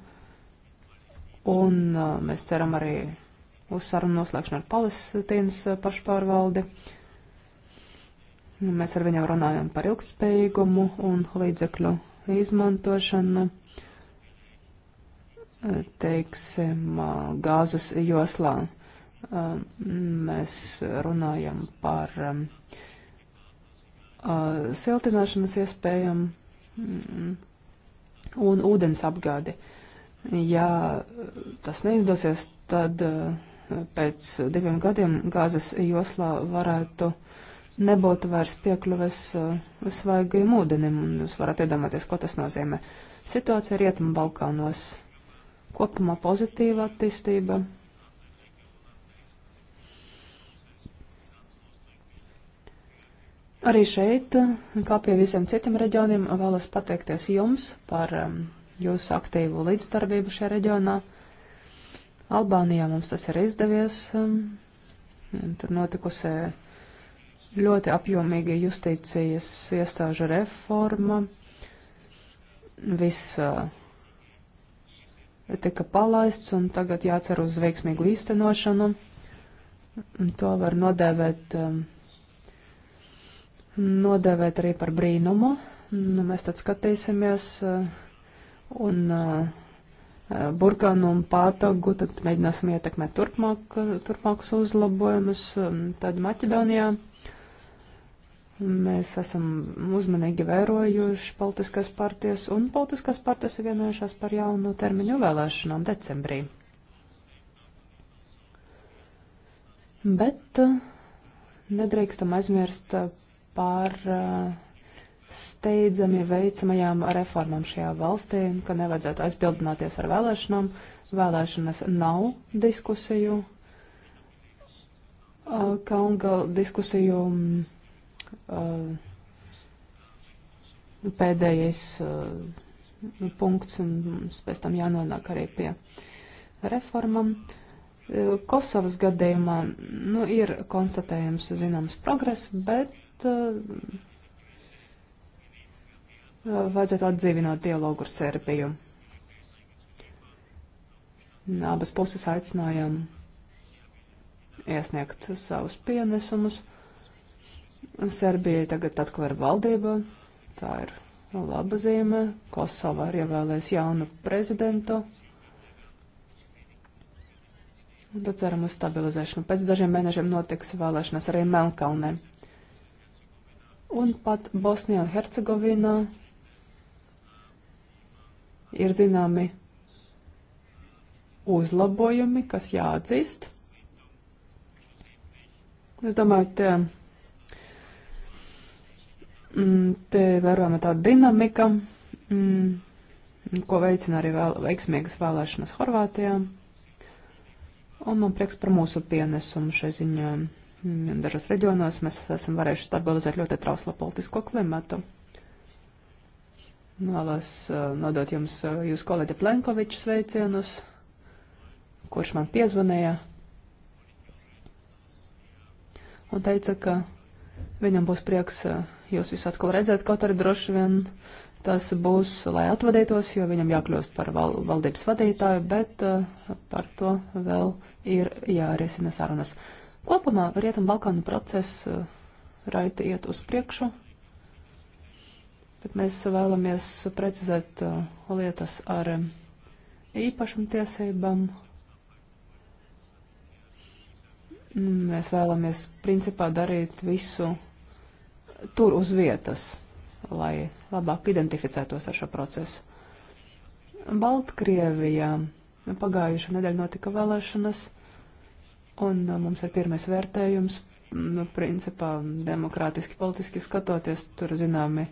Un uh, mēs ceram arī uz sarunu noslēgšanu ar Palestīnas pašpārvaldi. Uh, Nu, mēs ar viņiem runājam par ilgspējīgumu un līdzekļu izmantošanu, teiksim, gāzes joslā. Mēs runājam par siltināšanas iespējām un ūdens apgādi. Ja tas neizdosies, tad pēc diviem gadiem gāzes joslā varētu uh, nebūtu vairs piekļuves uh, svaigajam ūdenim, un jūs varat iedomāties, ko tas nozīmē. Situācija Rietumu Balkānos kopumā pozitīva attīstība. Arī šeit, kā pie visiem citiem reģioniem, vēlos pateikties jums par um, jūsu aktīvu līdzdarbību šajā reģionā. Albānijā mums tas ir izdevies. Um, tur notikusi ļoti apjomīga justīcijas iestāžu reforma. Viss uh, tika palaists un tagad jācer uz veiksmīgu īstenošanu. To var nodēvēt, um, nodēvēt arī par brīnumu. Nu, mēs tad skatīsimies uh, un uh, burkānu un pātagu, tad mēģināsim ietekmēt turpmāk, turpmākus uzlabojumus. Um, tad Maķedonijā. Mēs esam uzmanīgi vērojuši politiskās partijas, un politiskās partijas ir vienojušās par jaunu termiņu vēlēšanām decembrī. Bet uh, nedrīkstam aizmirst uh, par uh, steidzami veicamajām reformām šajā valstī, ka nevajadzētu aizbildināties ar vēlēšanām. Vēlēšanas nav diskusiju, kā un gal diskusiju mm, Um, pēdējais uh, punkts, un mums pēc tam jānonāk arī pie reformam. Uh, Kosovas gadījumā nu, ir konstatējams zināms progress, bet uh, vajadzētu atdzīvināt dialogu ar Serbiju. Abas puses aicinājām iesniegt savus pienesumus. Uh, Serbija tagad atkal ir valdība, tā ir laba zīme. Kosova ir ievēlējis jaunu prezidentu. Un tad ceram uz stabilizēšanu. Pēc dažiem mēnešiem notiks vēlēšanas arī Melkalnē. Un pat Bosnijā un Hercegovinā ir zināmi uzlabojumi, kas jāatzīst. Es domāju, tie Mm, te vērojama tāda dinamika, mm, ko veicina arī vēl, veiksmīgas vēlēšanas Horvātijā. Un man prieks par mūsu pienesumu šai ziņā. Mm, dažos reģionos mēs esam varējuši stabilizēt ļoti trauslo politisko klimatu. Vēlos uh, nodot jums uh, jūsu kolēģa Plenkoviča sveicienus, kurš man piezvanīja un teica, ka viņam būs prieks uh, jūs visu atkal redzēt, kaut arī droši vien tas būs, lai atvadītos, jo viņam jākļūst par val valdības vadītāju, bet uh, par to vēl ir jārisina sarunas. Kopumā Rietumbalkānu process uh, raiti iet uz priekšu, bet mēs vēlamies precizēt uh, lietas ar īpašam tiesībām. Mēs vēlamies principā darīt visu tur uz vietas, lai labāk identificētos ar šo procesu. Baltkrievijā pagājušā nedēļa notika vēlēšanas, un uh, mums ir pirmais vērtējums. Mm, nu, principā, demokrātiski, politiski skatoties, tur zināmi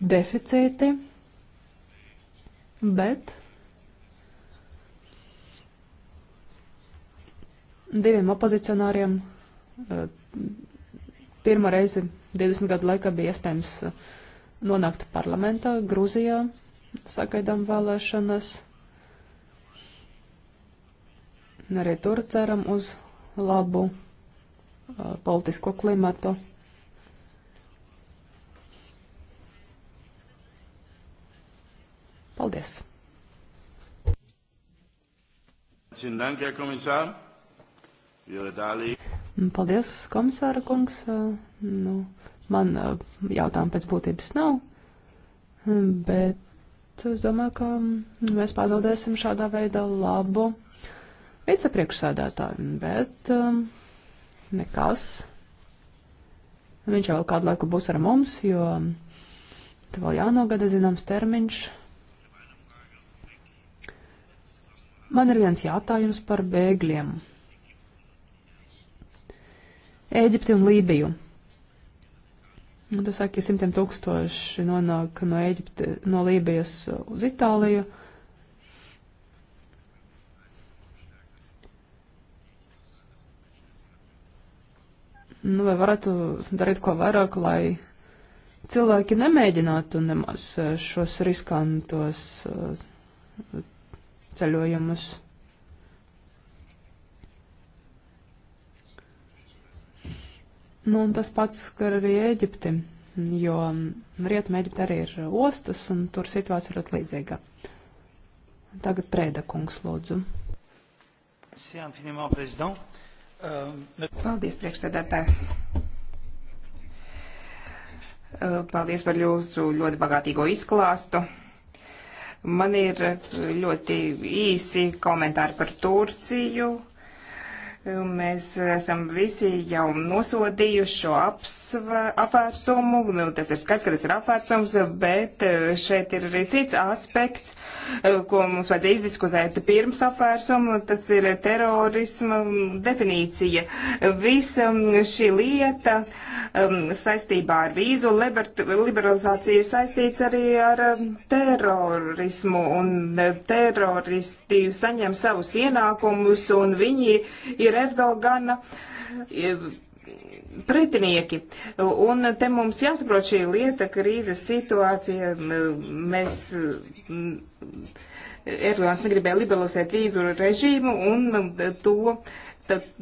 deficīti, bet diviem opozicionāriem uh, pirmo reizi 20 gadu laikā bija iespējams uh, nonākt parlamentā Grūzijā, sagaidām vēlēšanas. Un arī tur ceram uz labu uh, politisko klimatu. Paldies! Paldies, komisāra kungs. Nu, man eh, jautājumu pēc būtības nav, bet es domāju, ka mēs pazaudēsim šādā veidā labu vicepriekšsēdētāju, bet eh, nekas. Viņš jau kādu laiku būs ar mums, jo te vēl jānogada zināms termiņš. Man ir viens jātājums par bēgļiem. Ēģipti un Lībiju. Un tu saki, simtiem tūkstoši nonāk no, Ēģipte, no Lībijas uz Itāliju. Nu, vai varētu darīt ko vairāk, lai cilvēki nemēģinātu nemaz šos riskantos uh, ceļojumus? Nu, un tas pats skar arī Ēģipti, jo Rietuma Ēģipte arī ir ostas, un tur situācija ļoti līdzīga. Tagad Prēda kungs, lūdzu. Euh, paldies, priekšsēdētāji. Euh, paldies par jūsu ļoti bagātīgo izklāstu. Man ir ļoti īsi komentāri par Turciju Mēs esam visi jau nosodījuši šo apvērsumu, nu, tas ir skaidrs, ka tas ir apvērsums, bet e, šeit ir arī cits aspekts, e, ko mums vajadzēja izdiskutēt pirms apvērsuma, tas ir terorisma definīcija. Visa šī lieta saistībā ar vīzu liberalizāciju saistīts arī ar terorismu, un e, teroristi saņem savus ienākumus, un viņi ir Erdogana e, pretinieki. Un te mums jāsaprot šī lieta, krīzes situācija, mēs. Erdogans negribēja liberalizēt vīzu režīmu un to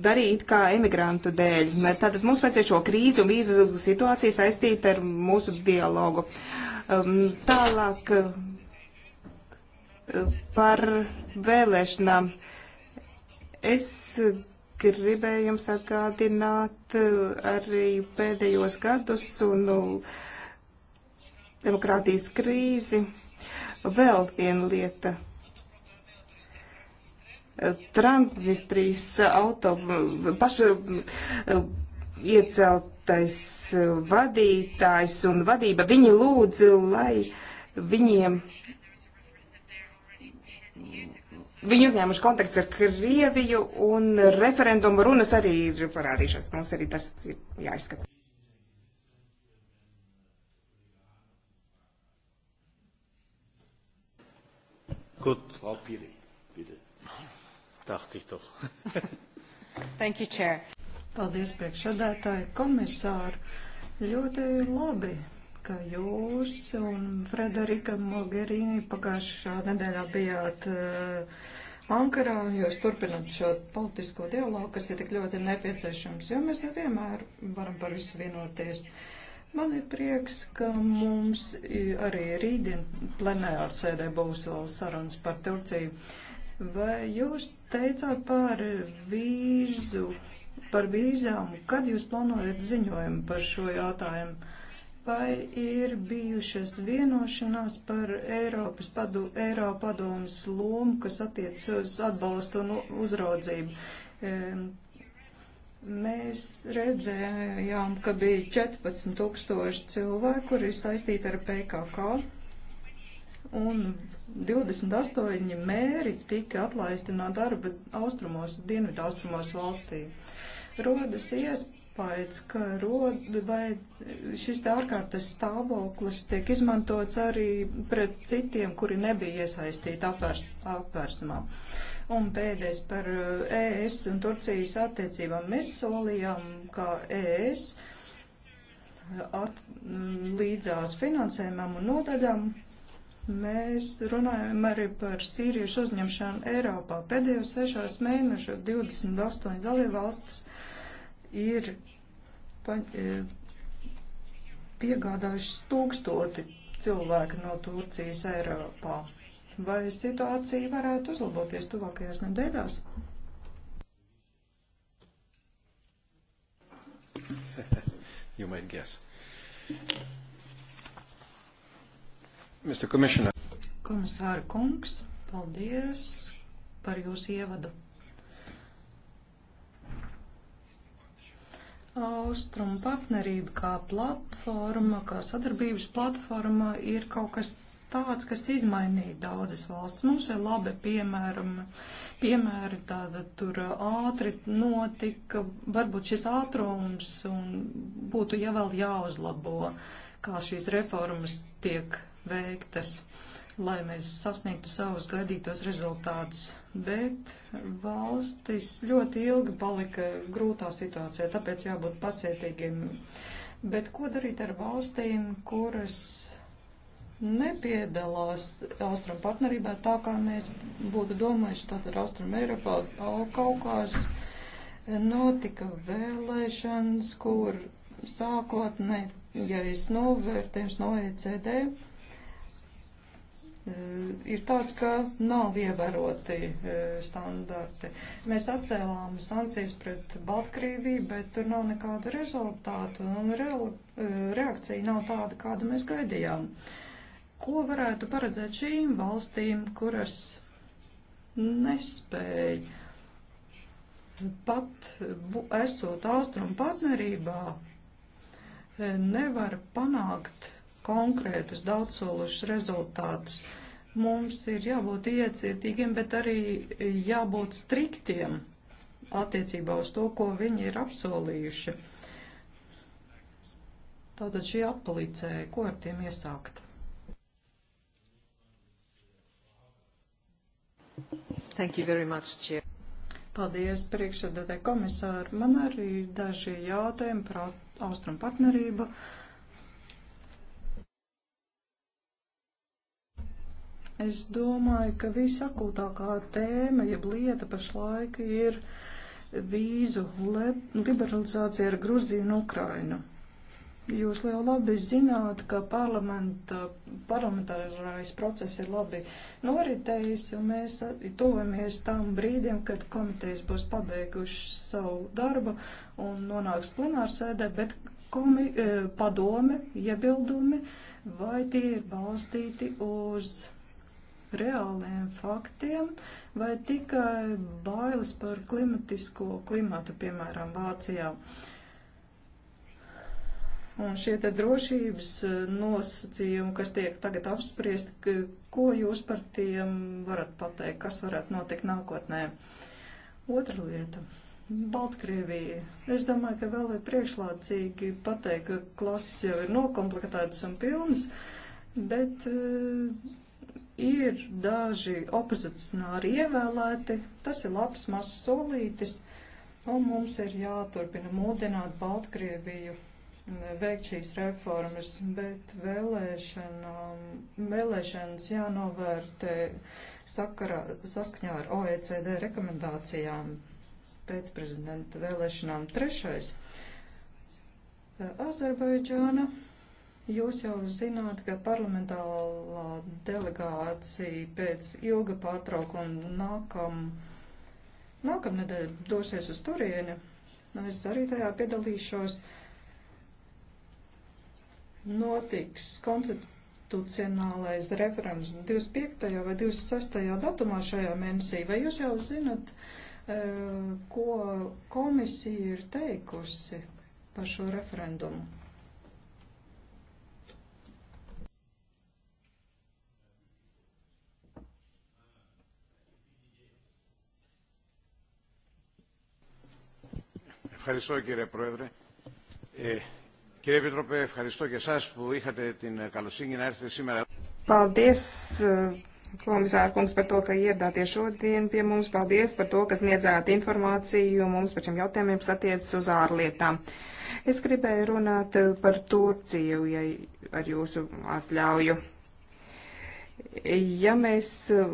darīt kā emigrantu dēļ. Tātad mums vajadzēja šo krīzi un vīzu situāciju saistīt ar mūsu dialogu. Tālāk e, par vēlēšanām. Es gribēju jums atgādināt uh, arī pēdējos gadus un nu, demokrātijas krīzi. Vēl viena lieta. Transnistrijas auto pašu uh, ieceltais uh, vadītājs un vadība, viņi lūdzu, lai viņiem Viņi uzņēmuši kontakts ar Krieviju un referendumu runas arī ir parādījušās. Mums arī tas ir jāizskata. Gut. Frau Piri, bitte. Dachte ich doch. Thank you, Chair. Paldies, priekšsēdētāji, komisāri. Ļoti labi ka jūs un Frederika Mogherini pagājušā nedēļā bijāt uh, Ankarā, jūs turpināt šo politisko dialogu, kas ir tik ļoti nepieciešams, jo mēs nevienmēr varam par visu vienoties. Man ir prieks, ka mums arī rītdien plenāra sēdē būs vēl sarunas par Turciju. Vai jūs teicāt par vīzu par vīzām, kad jūs plānojat ziņojumu par šo jautājumu? Vai ir bijušas vienošanās par Eiropas padu, Eiropa padomas lomu, kas attiec uz atbalstu un uzraudzību? Mēs redzējām, ka bija 14 tūkstoši cilvēku, kuri ir saistīti ar PKK, un 28 mēri tika atlaisti no darba austrumos, dienvidu austrumos valstī. Rodas iespēja iespējas, ka rod, vai šis ārkārtas stāvoklis tiek izmantots arī pret citiem, kuri nebija iesaistīti apvērs, apvērsumā. Un pēdējais par uh, ES un Turcijas attiecībām. Mēs solījām, ka ES at, līdzās finansējumam un nodaļām Mēs runājam arī par sīriešu uzņemšanu Eiropā. Pēdējos sešos mēnešos 28 dalībvalstis ir e, piegādājušas tūkstoti cilvēki no Turcijas Eiropā. Vai situācija varētu uzlaboties tuvākajās nedēļās? you might guess. Mr. Commissioner. Komisāra kungs, paldies par jūsu ievadu. Austrumu partnerība kā platforma, kā sadarbības platforma ir kaut kas tāds, kas izmainīja daudzas valsts. Mums ir labi piemēram, piemēri tāda tur ātri notika, varbūt šis ātrums un būtu jau vēl jāuzlabo, kā šīs reformas tiek veiktas lai mēs sasniegtu savus gaidītos rezultātus, bet valstis ļoti ilgi palika grūtā situācijā, tāpēc jābūt pacietīgiem. Bet ko darīt ar valstīm, kuras nepiedalās Austrum partnerībā tā, kā mēs būtu domājuši, tātad Austrum Eiropā, Kaukās notika vēlēšanas, kur sākotnējais novērtējums no ECD Eh, ir tāds, ka nav ievēroti eh, standarti. Mēs atcēlām sankcijas pret Baltkrieviju, bet tur nav nekādu rezultātu un eh, reakcija nav tāda, kādu mēs gaidījām. Ko varētu paredzēt šīm valstīm, kuras nespēja pat esot austrumu partnerībā, nevar panākt konkrētus, daudzsološus rezultātus. Mums ir jābūt iecietīgiem, bet arī jābūt striktiem attiecībā uz to, ko viņi ir apsolījuši. Tātad šī atpalicēja, ko ar tiem iesākt? Thank you very much, Chair. Paldies, priekšsēdētāji komisāri. Man arī daži jautājumi par austrumu partnerību. Uh, Es domāju, ka visakūtākā tēma, jeb lieta pašlaik ir vīzu nu, liberalizācija ar Gruziju un Ukrainu. Jūs jau labi zināt, ka parlamentārais process ir labi noritējis, un mēs tuvamies tam brīdim, kad komitejas būs pabeiguši savu darbu un nonāks plenārsēdē, bet komi, eh, padome, iebildumi, vai tie ir balstīti uz reāliem faktiem vai tikai bailes par klimatisko klimatu, piemēram, Vācijā. Un šie te drošības eh, nosacījumi, kas tiek tagad apspriesti, ko jūs par tiem varat pateikt, kas varētu notikt nākotnē? Otra lieta. Baltkrievija. Es domāju, ka vēl ir priekšlaicīgi pateikt, ka klases jau ir nokomplektētas un pilnas, bet uh, ir daži opozicionāri ievēlēti. Tas ir labs mazs solītis, un mums ir jāturpina mūdināt Baltkrieviju mm, veikt šīs reformas, bet mm, vēlēšanas jānovērtē sakarā, saskaņā ar OECD rekomendācijām pēc prezidenta vēlēšanām. Trešais - Azerbaidžāna. Mm. Jūs jau zināt, ka parlamentārā delegācija pēc ilga pārtraukuma nākam, nākamnedēļ dosies uz turieni. Es arī tajā piedalīšos. Notiks konstitucionālais referums 25. vai 26. datumā šajā mēnesī. Vai jūs jau zinat, eh, ko komisija ir teikusi par šo referendumu? Ευχαριστώ κύριε Πρόεδρε. Ε, κύριε Επίτροπε, ευχαριστώ και εσάς που είχατε την καλοσύνη να έρθετε σήμερα. Paldies, komisāra kungs, par to, ka iedāties šodien pie mums. Paldies par to, ka sniedzāt informāciju mums par šiem jautājumiem, kas attiecas uz ārlietām. Es gribēju runāt eh, par Turciju, ja ar jūsu atļauju. Ja mēs eh,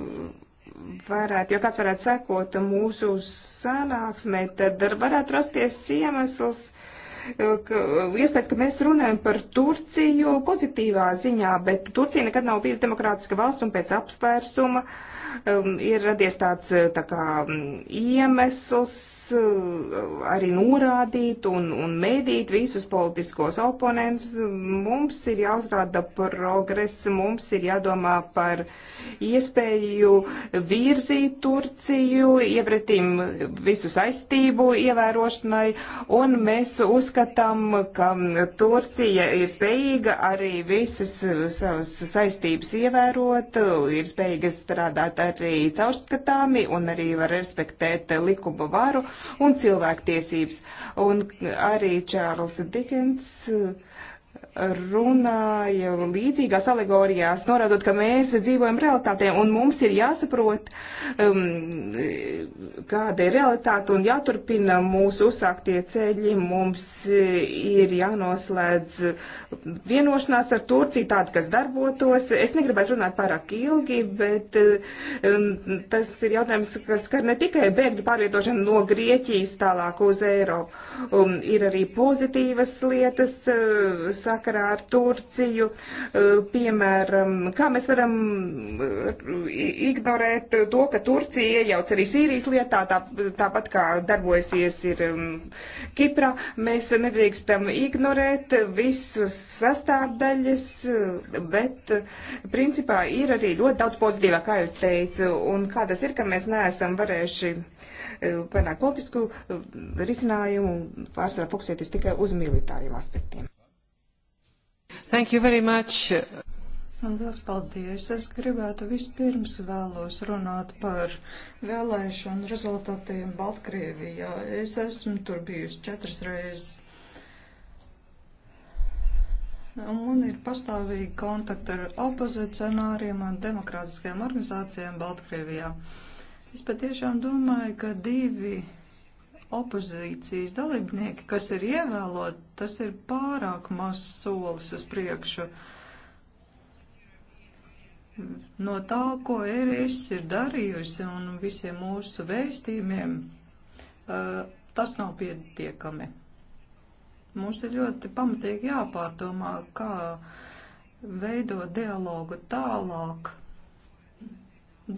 varētu, jo kāds varētu sekot mūsu sanāksmē, tad varētu rasties iemesls, eh, ka, iespējams, ka mēs runājam par Turciju pozitīvā ziņā, bet Turcija nekad nav bijusi demokrātiska valsts un pēc apsvērsuma um, ir radies tāds eh, tā kā mm, iemesls arī norādīt un, un mēdīt visus politiskos oponentus. Mums ir jāuzrāda progress, mums ir jādomā par iespēju virzīt Turciju, iepratīm visu saistību ievērošanai, un mēs uzskatām, ka Turcija ir spējīga arī visas savas saistības ievērot, ir spējīga strādāt arī caurskatāmi un arī var respektēt likuma varu un cilvēktiesības. Un arī Čārls Dikens runāja līdzīgās alegorijās, norādot, ka mēs dzīvojam realitātē un mums ir jāsaprot, um, kāda ir realitāte un jāturpina mūsu uzsāktie ceļi. Mums ir jānoslēdz vienošanās ar Turciju tāda, kas darbotos. Es negribētu runāt pārāk ilgi, bet um, tas ir jautājums, kas skar ne tikai bēgļu pārvietošanu no Grieķijas tālāk uz Eiropu. Um, ir arī pozitīvas lietas. Uh, sakarā ar Turciju, piemēram, kā mēs varam ignorēt to, ka Turcija iejauc arī Sīrijas lietā, tā, tāpat kā darbojasies ir Kiprā. Mēs nedrīkstam ignorēt visus sastāvdaļas, bet principā ir arī ļoti daudz pozitīvā, kā jūs teicu, un kā tas ir, ka mēs neesam varējuši panākt politisku risinājumu, pārsvarā fokusēties tikai uz militāriem aspektiem. Thank you very much. Lielas paldies! Es gribētu vispirms vēlos runāt par vēlēšanu rezultātiem Baltkrievijā. Es esmu tur bijusi četras reizes. Un man ir pastāvīgi kontakti ar opozicionāriem un demokrātiskajām organizācijām Baltkrievijā. Es patiešām domāju, ka divi opozīcijas dalībnieki, kas ir ievēlot, tas ir pārāk maz solis uz priekšu. No tā, ko ERS ir darījusi un visiem mūsu vēstījumiem, tas nav pietiekami. Mums ir ļoti pamatīgi jāpārdomā, kā veidot dialogu tālāk.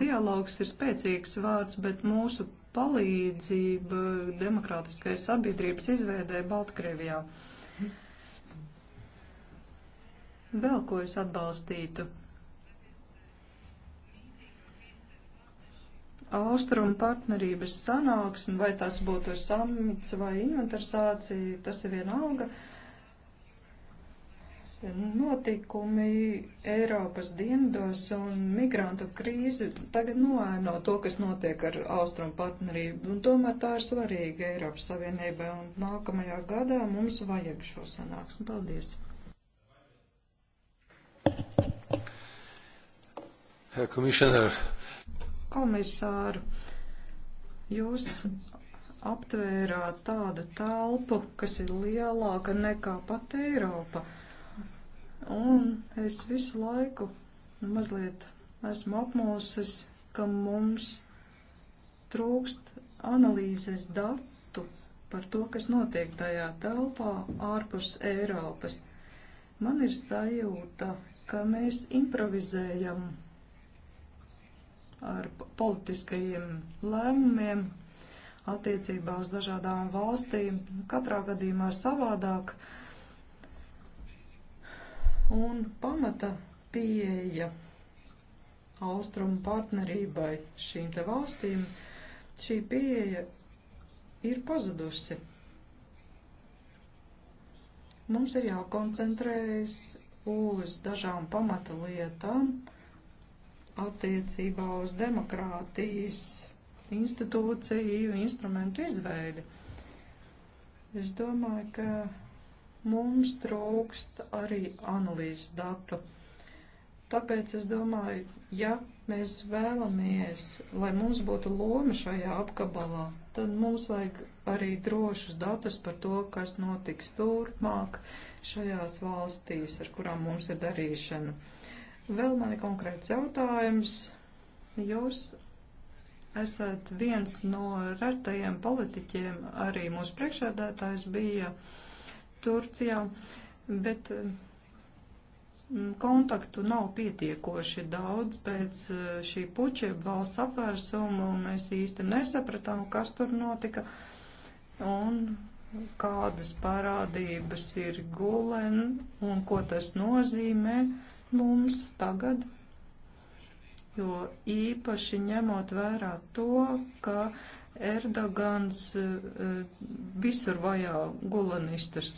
Dialogs ir spēcīgs vārds, bet mūsu palīdzība demokrātiskai sabiedrības izveidē Baltkrievijā. Vēl ko es atbalstītu? Austrumu partnerības sanāksme, vai tas būtu samits vai inventarizācija, tas ir vienalga. Uh, Nu, notikumi Eiropas dienvidos un migrantu krīze tagad noēno to, kas notiek ar austrumu partnerību, un tomēr tā ir svarīga Eiropas Savienībai, un nākamajā gadā mums vajag šo sanāksmi. Paldies! Komisāru, jūs aptvērāt tādu telpu, kas ir lielāka nekā pat Eiropa Un es visu laiku mazliet esmu apmūsis, ka mums trūkst analīzes datu par to, kas notiek tajā telpā ārpus Eiropas. Man ir sajūta, ka mēs improvizējam ar politiskajiem lēmumiem attiecībā uz dažādām valstīm, katrā gadījumā savādāk. Uh, un pamata pieeja austrumu partnerībai šīm te valstīm, šī pieeja ir pazudusi. Mums ir jākoncentrējas uz dažām pamata lietām attiecībā uz demokrātijas institūciju instrumentu izveidi. Es domāju, ka mums trūkst arī analīzes datu. Tāpēc es domāju, ja mēs vēlamies, lai mums būtu loma šajā apgabalā, tad mums vajag arī drošus datus par to, kas notiks turpmāk šajās valstīs, ar kurām mums ir darīšana. Vēl man ir konkrēts jautājums. Jūs esat viens no retajiem politiķiem, arī mūsu priekšēdētājs bija uh, Turcijā, bet eh, kontaktu nav pietiekoši daudz pēc eh, šī puķa valsts apvērsuma, un mēs īsti nesapratām, kas tur notika un kādas parādības ir gulen un ko tas nozīmē mums tagad. Jo īpaši ņemot vērā to, ka uh, Erdogans eh, eh, visur vajā gulanistus,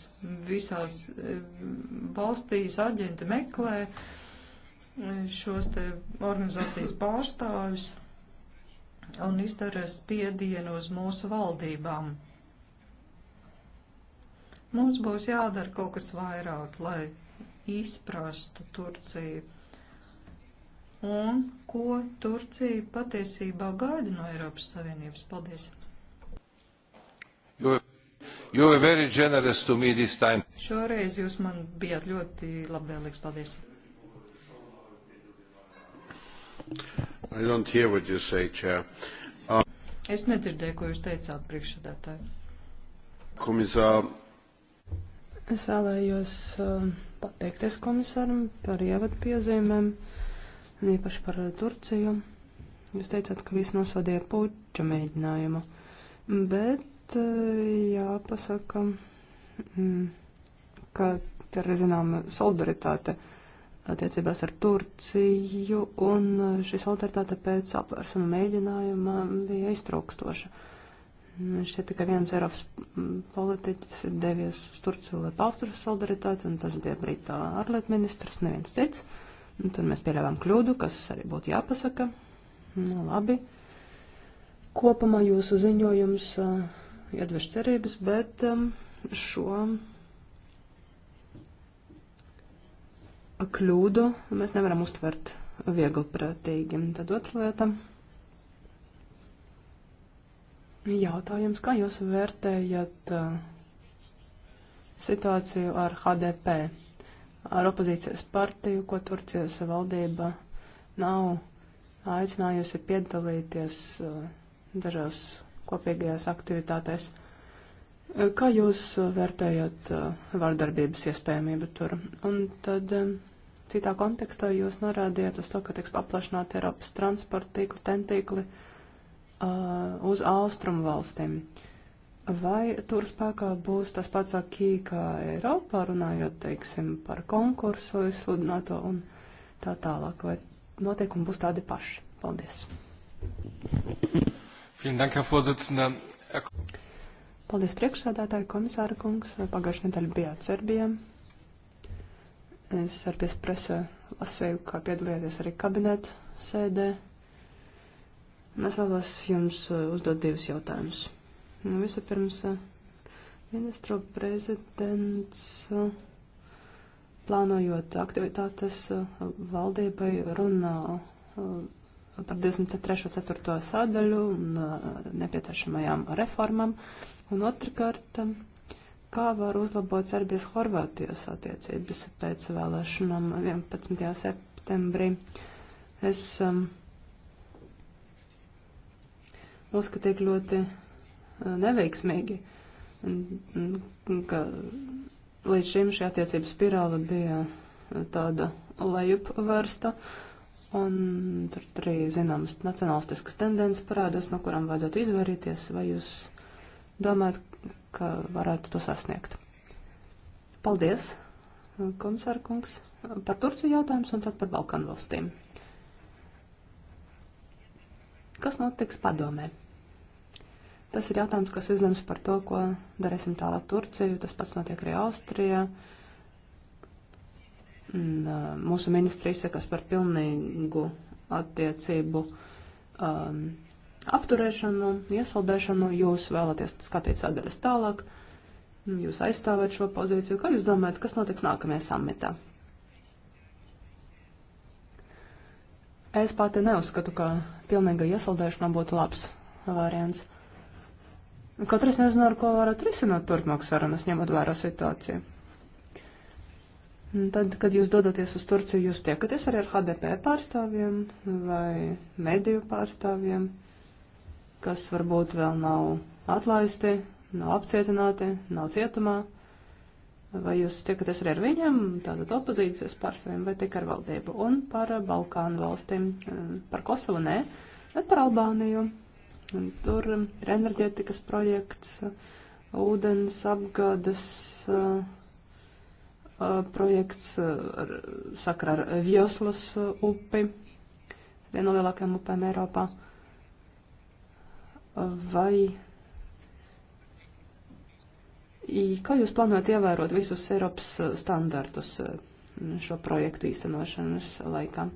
visās eh, valstīs aģenti meklē šos te organizācijas pārstāvis un izdara spiedienu uz mūsu valdībām. Mums būs jādara kaut kas vairāk, lai izprastu Turciju un ko Turcija patiesībā gaida no Eiropas Savienības. Paldies! You, you were very generous to me this time. Šoreiz jūs man bijāt ļoti labvēlīgs. Paldies! I don't hear what you say, Chair. Um, es nedzirdēju, ko jūs teicāt, priekšsēdētāji. Komisār. Es vēlējos uh, pateikties komisāram par ievadu piezīmēm. Uh, un nu, īpaši par eh, Turciju. Jūs teicāt, ka viss nosodīja puča mēģinājumu, bet eh, jāpasaka, mm, ka te ir zināma solidaritāte attiecībās ar Turciju, un eh, šī solidaritāte pēc apvērsuma mēģinājuma bija iztraukstoša. Nu, šķiet, ka viens Eiropas mm, politiķis ir devies uz Turciju, lai paustu solidaritāti, un tas bija Britā ārlietu ministrs, neviens cits. Uh, Un nu, tad mēs pieļāvām kļūdu, kas arī būtu jāpasaka. Nu, labi. Kopumā jūsu ziņojums uh, eh, iedvež cerības, bet um, šo kļūdu mēs nevaram uztvert viegli prātīgi. Tad otra lieta. Jautājums, kā jūs vērtējat eh, situāciju ar HDP? ar opozīcijas partiju, ko Turcijas valdība nav aicinājusi piedalīties eh, dažās kopīgajās aktivitātēs. Eh, kā jūs vērtējat eh, vardarbības iespējamību tur? Un tad citā kontekstā jūs norādījāt uz to, ka tiks paplašināt Eiropas transporta tīkli, tentīkli uz austrumu valstīm. Uh, Vai tur spēkā būs tas pats akī kā Eiropā, runājot, teiksim, par konkursu izsludināto un tā tālāk? Vai noteikumi būs tādi paši? Paldies. Paldies priekšsādātāju komisāra kungs. Pagājušajā nedēļā bijāt Serbijā. Es ar piesprese lasēju, kā piedalījāties arī kabinetu sēdē. Un es vēlos jums eh, uzdot divus jautājumus. Vispirms eh, ministru prezidents eh, plānojot aktivitātes eh, valdībai runā par 23.4. sadaļu un nepieciešamajām reformām. Un otrkārt, kā var uzlabot Serbijas-Horvātijas attiecības pēc vēlēšanām 11. septembrī. Es um, uzskatīju ļoti neveiksmīgi, ka līdz šim šī attiecības spirāla bija uh, tāda lejupvērsta, un tur arī zināmas nacionalistiskas tendences parādās, no kurām vajadzētu izvairīties, vai jūs domājat, ka varētu to sasniegt. Paldies, komisārkungs, par Turciju jautājums un tad par Balkanu valstīm. Kas notiks padomē? Tas ir jautājums, kas izlems par to, ko darīsim tālāk Turciju. Tas pats notiek arī Austrijā. Un, mūsu ministri izsakas par pilnīgu attiecību um, apturēšanu, iesaldēšanu. Jūs vēlaties skatīt sadaļas tālāk. Jūs aizstāvēt šo pozīciju. Kā jūs domājat, kas notiks nākamajā samitā? Es pati neuzskatu, ka pilnīga iesaldēšana būtu labs variants. Uh, Kaut arī es nezinu, ar ko varētu risināt turpmāk sarunas, ņemot vērā situāciju. Tad, kad jūs dodaties uz Turciju, jūs tiekaties arī ar HDP pārstāvjiem vai mediju pārstāvjiem, kas varbūt vēl nav atlaisti, nav apcietināti, nav cietumā. Vai jūs tiekaties arī ar viņiem, tātad opozīcijas pārstāvjiem, vai tikai ar valdību? Un par Balkānu valstīm, par Kosovu nē, bet par Albāniju. Un tur um, ir enerģētikas projekts, uh, ūdens apgādes uh, uh, projekts ar, sakarā ar Vioslas upi, viena no lielākajām upēm Eiropā. Vai kā jūs plānojat ievērot visus Eiropas standartus šo projektu īstenošanas laikā?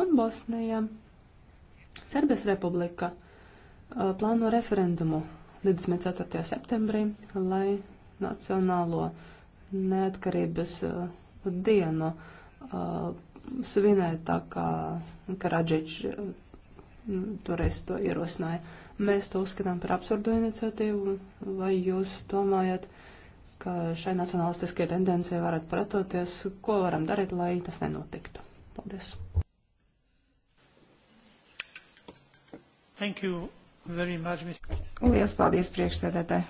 Un Bosnija, Serbijas republika Uh, plāno referendumu 24. septembrī, lai Nacionālo neatkarības uh, dienu uh, svinēt tā, kā Karadžič toreiz to ierosināja. Mēs to uzskatām par absurdu iniciatīvu. Vai jūs domājat, ka šai nacionalistiskajai tendencijai varētu pretoties? Ko varam darīt, lai tas nenotiktu? Paldies! Thank you. Lielas paldies priekšsēdētāji.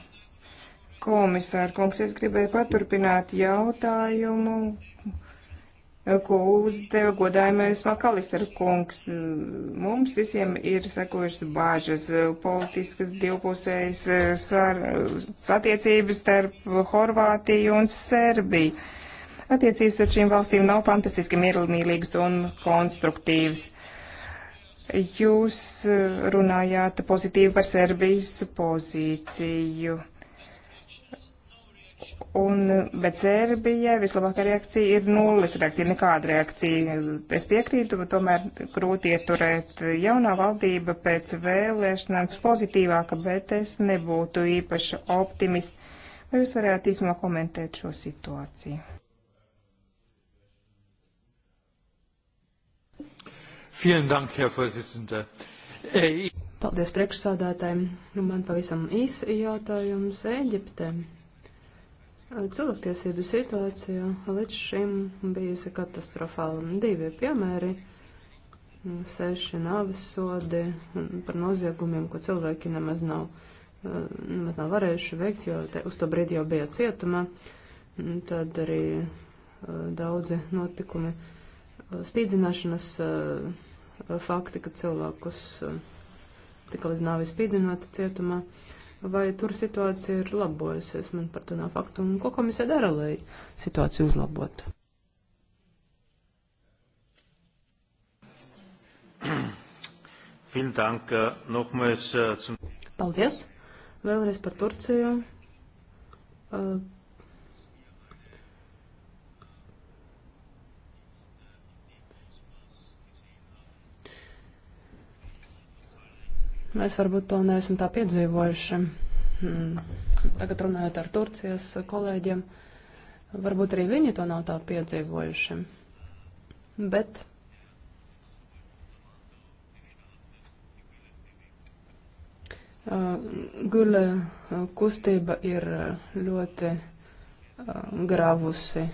Komisāra kungs, es gribēju paturpināt jautājumu, ko uzdeva godājumais Makalister kungs. Mums visiem ir sekojušas bāžas, politiskas divpusējas satiecības starp Horvātiju un Serbiju. Attiecības ar šīm valstīm nav fantastiski miermīlīgas un konstruktīvas. Jūs eh, runājāt pozitīvi par Serbijas pozīciju. Un, eh, bet Serbijai vislabākā reakcija ir nulles reakcija, nekāda reakcija. Es piekrītu, bet tomēr grūti ieturēt jaunā valdība pēc vēlēšanām pozitīvāka, bet es nebūtu īpaši optimists. Vai jūs varētu īsumā komentēt šo situāciju? Dank, äh, Paldies priekšsādātājiem. Nu, man pavisam īsi jautājums Eģiptē. Cilvēktiesību situācija līdz šim bijusi katastrofāla. Divi piemēri - seši nāves sodi par noziegumiem, ko cilvēki nemaz nav, nemaz nav varējuši veikt, jo te, uz to brīdi jau bija cietumā. Tad arī eh, daudzi notikumi eh, spīdzināšanas eh, fakti, ka cilvēkus eh, tika līdz nāvis spīdzināti cietumā. Vai tur situācija ir labojusies? Man par to nav faktu. Un ko komisija dara, lai situāciju uzlabotu? Äh, äh, Paldies! Vēlreiz par Turciju. Äh, Mēs varbūt to neesam tā piedzīvojuši. Hmm. Tagad runājot ar Turcijas kolēģiem, varbūt arī viņi to nav tā piedzīvojuši. Bet uh, Gula uh, kustība ir uh, ļoti gravusi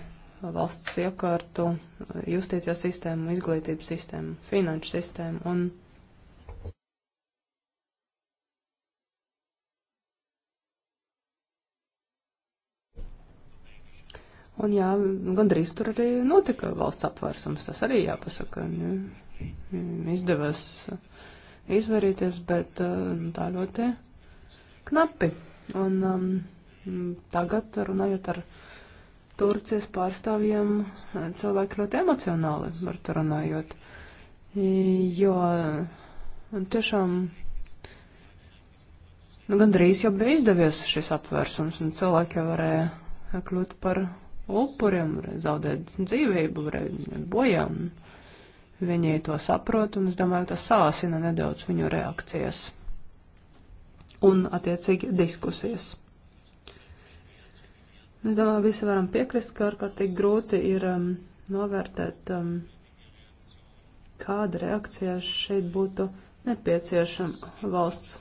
valsts iekārtu, justīcijas sistēmu, izglītības sistēmu, finanšu sistēmu un Un jā, gandrīz tur arī notika valsts apvērsums, tas arī jāpasaka. Izdevās uh, izvairīties, bet uh, nu, tā ļoti knapi. Un um, tagad runājot ar Turcijas pārstāvjiem, uh, cilvēki ļoti emocionāli var to runājot. Jo tiešām nu, gandrīz jau bija izdevies šis apvērsums, un cilvēki varēja kļūt par upuriem, varēja zaudēt dzīvību, varēja bojām. Viņi to saprot, un es domāju, tas sāsina nedaudz viņu reakcijas un, attiecīgi, diskusijas. Es domāju, visi varam piekrist, ka ārkārtīgi grūti ir um, novērtēt, um, kāda reakcija šeit būtu nepieciešama valsts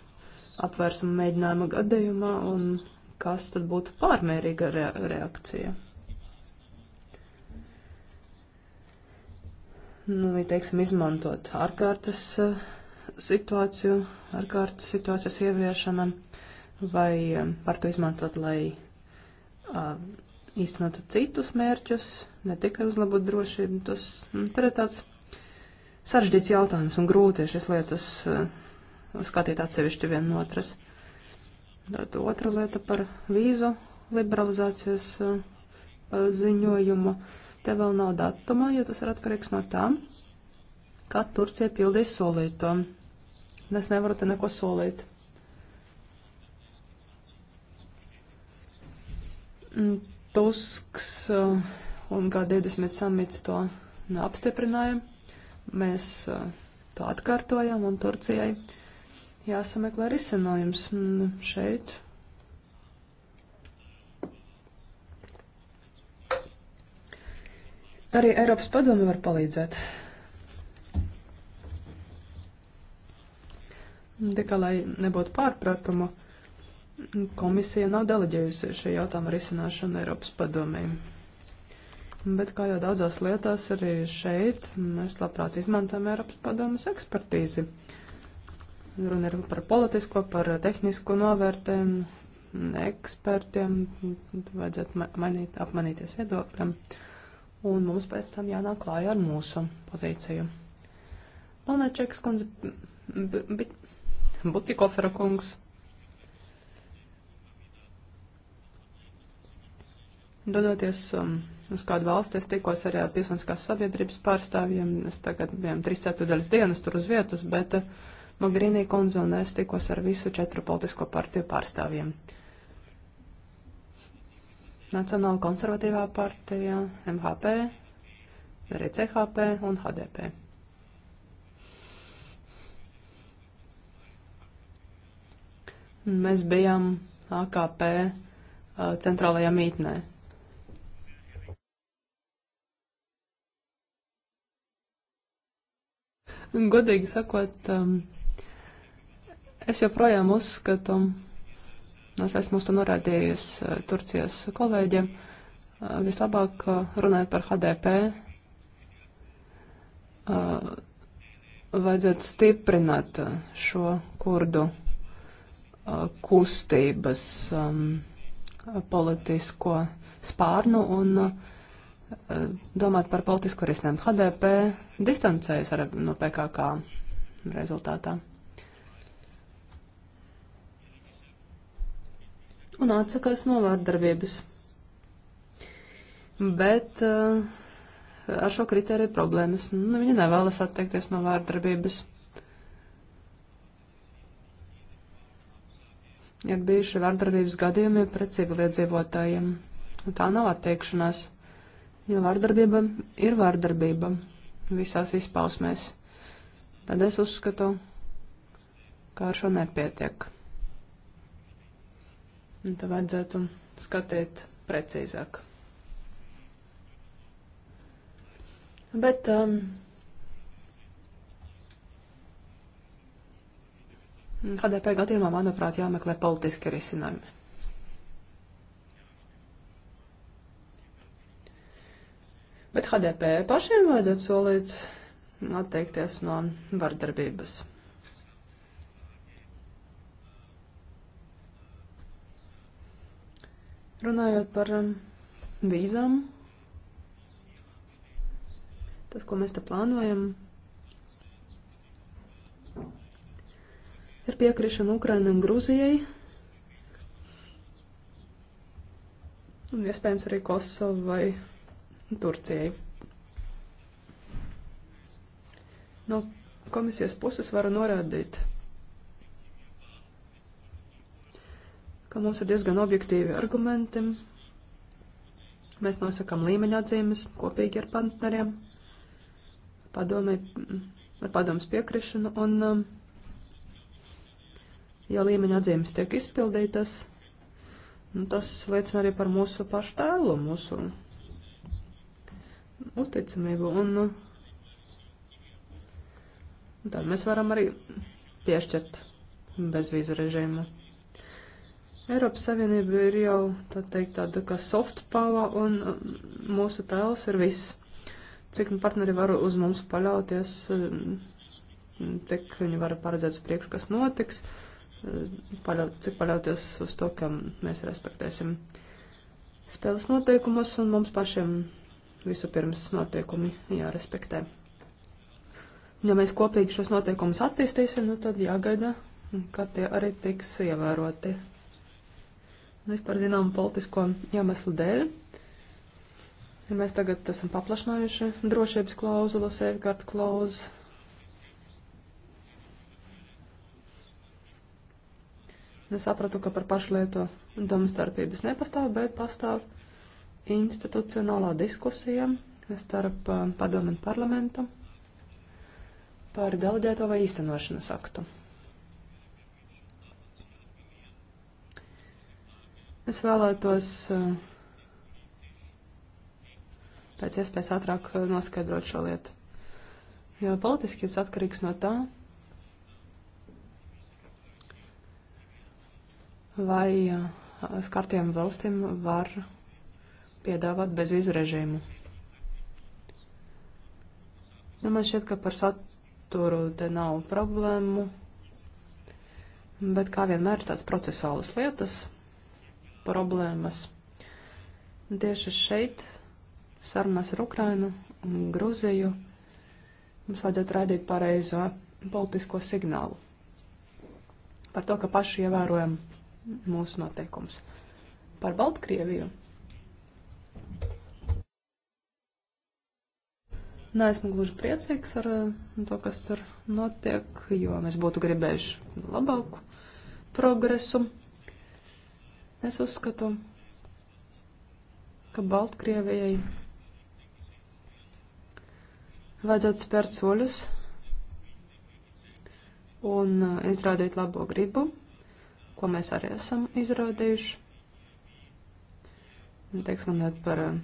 apvērsuma mēģinājuma gadījumā un kas tad būtu pārmērīga re reakcija. nu, teiksim, izmantot ārkārtas eh, situāciju, ārkārtas situācijas ieviešana, vai eh, var to izmantot, lai uh, īstenotu citus mērķus, ne tikai uzlabot drošību. Tas mm, tur ir tāds sarežģīts jautājums un grūti šīs lietas uh, skatīt atsevišķi vien no otras. Tad otra lieta par vīzu liberalizācijas uh, ziņojumu. Uh, Te vēl nav datuma, jo tas ir atkarīgs no tā, kā Turcija pildīs solīto. Un es nevaru te neko solīt. Mm, Tusks uh, un G20 samits to apstiprināja. Mēs uh, to atkārtojam un Turcijai jāsameklē risinājums mm, šeit Arī Eiropas padome var palīdzēt. Tikai lai nebūtu pārpratumu, komisija nav deleģējusi šī jautājuma risināšanu Eiropas padomēm. Bet kā jau daudzās lietās arī šeit, mēs labprāt izmantojam Eiropas padomas ekspertīzi. Runa ir par politisko, par tehnisko novērtējumu, ekspertiem, vajadzētu mainīt, apmanīties viedokļiem. Uh, un mums pēc tam jānāk klāja ar mūsu pozīciju. Lunačeks kundze, Butikofera kungs. Dodoties um, uz kādu valsti, es tikos arī ar pilsoniskās sabiedrības pārstāvjiem. Es tagad bijām trīs ceturdaļas dienas tur uz vietas, bet uh, Magrīnī kundze un es tikos ar visu četru politisko partiju pārstāvjiem. Uh, Nacionāla konservatīvā partija, MHP, arī CHP un HDP. Mēs bijām AKP centrālajā mītnē. Godīgi sakot, es joprojām uzskatu, Nu, es esmu uz to norādījis eh, Turcijas kolēģiem. Eh, vislabāk eh, runājot par HDP, vajadzētu stiprināt šo kurdu kustības ehm, politisko spārnu un domāt par politisko risinājumu. HDP distancējas ar, no nu, PKK rezultātā. un atsakās no vārdarbības. Bet uh, ar šo kritēriju problēmas. Nu, viņa nevēlas atteikties no vārdarbības. Ir bijuši vārdarbības gadījumi pret civiliedzīvotājiem. Tā nav atteikšanās, jo vārdarbība ir vārdarbība visās izpausmēs. Tad es uzskatu, ka ar šo nepietiek. Un tad vajadzētu skatīt precīzāk. Bet um, HDP gadījumā, manuprāt, jāmeklē politiski risinājumi. Bet HDP pašiem vajadzētu solīt atteikties no vardarbības. Runājot par um, vīzām, tas, ko mēs te plānojam, ir piekrišana Ukrainai un Grūzijai. Un iespējams arī Kosovu vai Turcijai. No komisijas puses varu norādīt, ka mums ir diezgan objektīvi argumenti. Mēs nosakam līmeņa atzīmes kopīgi ar partneriem, padomi, ar padomus piekrišanu, un um, ja līmeņa atzīmes tiek izpildītas, nu, tas liecina arī par mūsu pašu tēlu, mūsu uzticamību, un, un um, tad mēs varam arī piešķirt bezvīzu režīmu. Eiropas Savienība ir jau tā teikt, tāda kā soft power, un um, mūsu tēls ir viss. Cik nu partneri var uz mums paļauties, um, cik viņi var paredzēt uz priekšu, kas notiks, um, paļaut, cik paļauties uz to, ka mēs respektēsim spēles noteikumus, un mums pašiem visu pirms noteikumi jārespektē. Ja mēs kopīgi šos noteikumus attīstīsim, nu tad jāgaida, ka tie arī tiks ievēroti vispār nu, zinām politisko iemeslu dēļ. Ja mēs tagad esam paplašinājuši drošības klauzulu, safeguard klauzulu. Es sapratu, ka par pašlieto domstarpības nepastāv, bet pastāv institucionālā diskusija starp uh, padomu un parlamentu par deleģēto vai īstenošanas aktu. Es vēlētos eh, pēc iespējas ātrāk eh, noskaidrot šo lietu. Jo politiski tas atkarīgs no tā, vai eh, skartiem valstīm var piedāvāt bezvīzu režīmu. Nu, man šķiet, ka par saturu te nav problēmu, bet kā vienmēr tāds procesuālas lietas problēmas. Un tieši šeit, sarunās ar Ukrainu un Gruziju, mums vajadzētu rādīt pareizo politisko signālu par to, ka paši ievērojam mūsu noteikums. Par Baltkrieviju. Neesmu gluži priecīgs ar eh, to, kas tur notiek, jo mēs būtu gribējuši labāku progresu. Es uzskatu, ka Baltkrievijai vajadzētu spērt soļus un uh, izrādīt labo gribu, ko mēs arī esam izrādījuši. Teiksim, runāt par uh,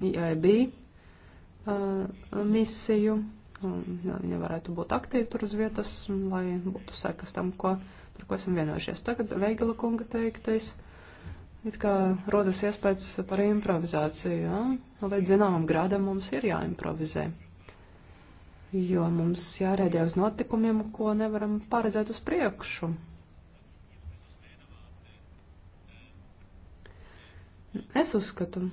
e IAB uh, misiju. Viņa varētu būt aktīva tur uz vietas, lai būtu sekas tam, ko, par ko esam vienojušies. Tagad Veigala kunga teiktais it kā rodas iespējas par improvizāciju, ja? līdz nu, zināmam grādam mums ir jāimprovizē. Jo mums jārēģē uz notikumiem, ko nevaram paredzēt uz priekšu. Es uzskatu,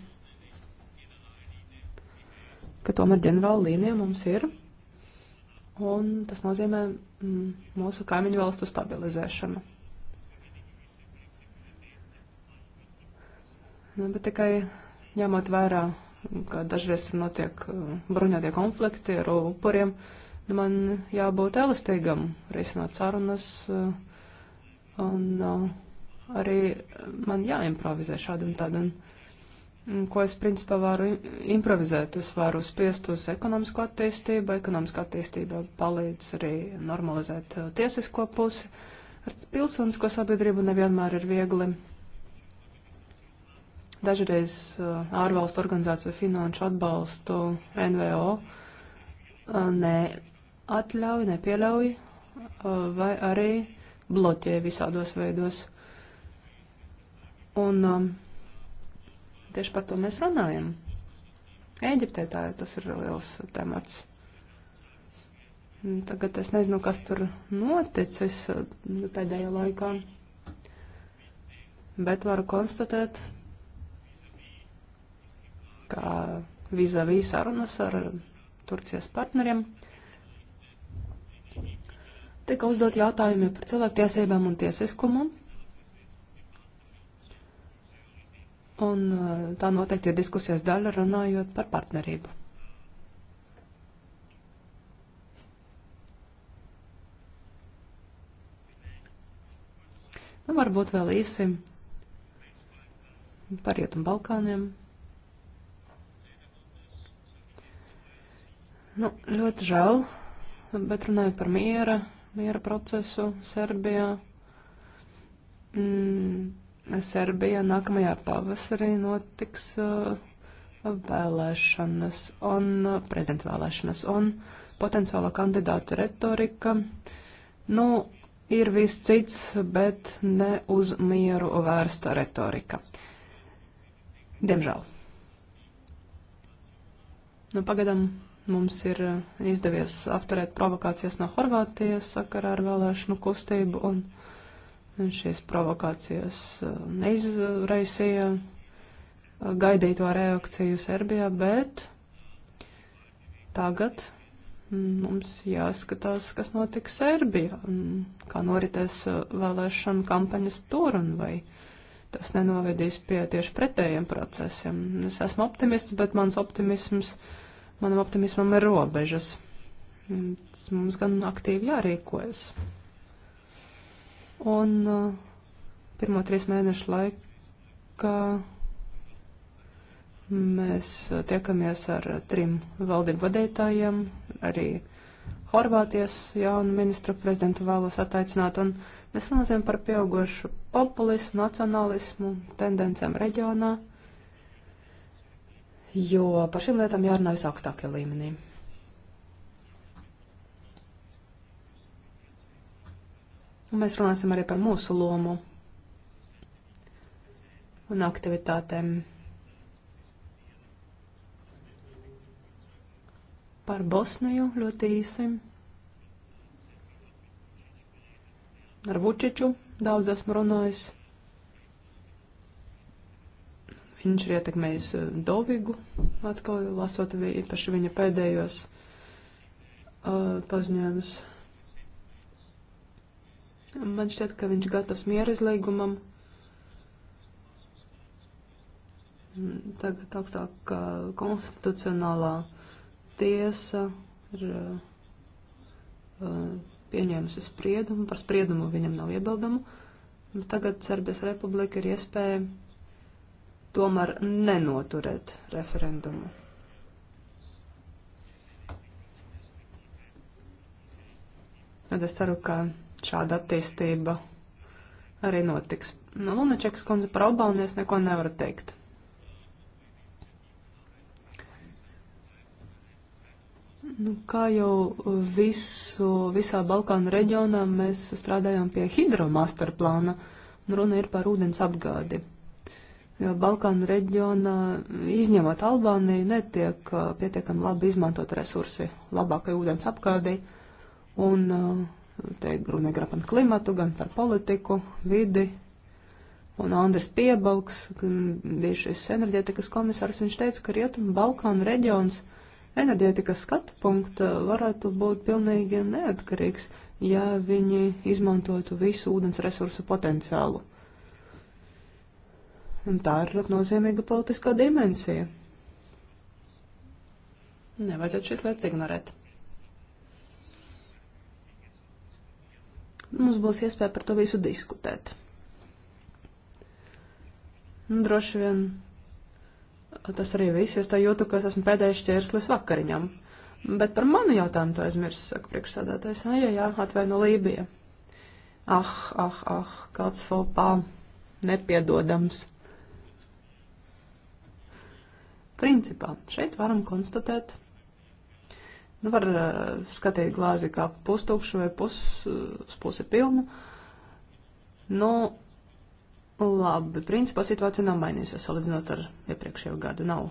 ka tomēr ģenerāla līnija mums ir, un tas nozīmē mm, mūsu kaimiņu valstu stabilizēšanu. Nu, bet tikai ņemot vērā, ka dažreiz tur notiek uh, bruņotie konflikti ar upuriem, nu, man jābūt elastīgam, risinot sarunas, uh, un uh, arī man jāimprovizē šādi un tādi. Mm, ko es principā varu improvizēt? Es varu spiest uz ekonomisko attīstību, ekonomiskā attīstība palīdz arī normalizēt tiesisko pusi. Ar pilsonisko sabiedrību nevienmēr ir viegli dažreiz uh, ārvalstu organizāciju finanšu atbalstu NVO uh, neatļauj, nepieļauj uh, vai arī bloķē visādos veidos. Un um, tieši par to mēs runājam. Ēģiptē tā tas ir liels temats. Tagad es nezinu, kas tur noticis pēdējā laikā, bet varu konstatēt, kā vizavī sarunas ar Turcijas partneriem. Tika uzdot jautājumi par cilvēktiesībām un tiesiskumu. Un eh, tā noteikti ir diskusijas daļa runājot par partnerību. Nu, varbūt vēl īsi par Rietumu Balkāniem. Nu, ļoti žēl, bet runājot par miera, miera procesu Serbijā. Mm, Serbijā nākamajā pavasarī notiks uh, vēlēšanas un uh, prezidenta vēlēšanas un potenciāla kandidāta retorika. Nu, ir viss cits, bet ne uz mieru vērsta retorika. Diemžēl. Nu, pagadam Mums ir eh, izdevies apturēt provokācijas no Horvātijas sakarā ar vēlēšanu kustību, un šīs provokācijas eh, neizraisīja eh, gaidīto reakciju Serbijā, bet tagad mm, mums jāskatās, kas notiks Serbijā, un kā noritēs vēlēšana kampaņas tur, un vai tas nenovedīs pie tieši pretējiem procesiem. Es esmu optimists, bet mans optimisms. Uh, Manam optimismam ir robežas. Mums gan aktīvi jārīkojas. Un uh, pirmo trīs mēnešu laikā mēs uh, tiekamies ar uh, trim valdību vadītājiem, arī Horvātijas jaunu ministru prezidentu vēlos attaicināt, un mēs runāsim par pieaugošu populismu, nacionalismu, tendencēm reģionā jo par šīm lietām jārunā visaugstākajā līmenī. Un mēs runāsim arī par mūsu lomu un aktivitātēm. Par Bosniju ļoti īsi. Ar Vučiču daudz esmu runājis. Viņš ir ietekmējis eh, Dovigu, atkal lasot īpaši viņa pēdējos uh, paziņojumus. Man šķiet, ka viņš gatavs miera izlīgumam. Mm, tagad augstākā konstitucionālā tiesa ir uh, pieņēmusi spriedumu, par spriedumu viņam nav iebildumu. Tagad Serbijas republika ir iespēja tomēr nenoturēt referendumu. Tad es ceru, ka šāda attīstība arī notiks. Nu, Lunačekas kundze par Albāniju es neko nevaru teikt. Nu, kā jau visu, visā Balkānu reģionā mēs strādājām pie hidromasterplāna, un nu, runa ir par ūdens apgādi jo Balkānu reģionā, izņemot Albāniju, netiek uh, pietiekami labi izmantot resursi labākai ūdens apkārdei. Un uh, te runa gan par klimatu, gan par politiku, vidi. Un Andris Piebalgs, bija šis enerģētikas komisārs, viņš teica, ka Rietumu Balkānu reģions enerģētikas skatu punkta varētu būt pilnīgi neatkarīgs, ja viņi izmantotu visu ūdens resursu potenciālu Un tā ir ļoti nozīmīga politiskā dimensija. Nevajadzētu šīs lietas ignorēt. Mums būs iespēja par to visu diskutēt. Un droši vien tas arī viss, es tā jūtu, ka es esmu pēdējais šķērslis vakariņam. Bet par manu jautājumu to aizmirsu, saka priekšsādātais. Ai, jā, jā, atvaino Lībija. Ah, ah, ah, kāds fopā nepiedodams principā. Šeit varam konstatēt, nu var eh, skatīt glāzi kā pustukšu vai pus, pusi pilnu. Nu, labi, principā situācija nav mainījusies, salīdzinot ar iepriekšējo gadu. Nav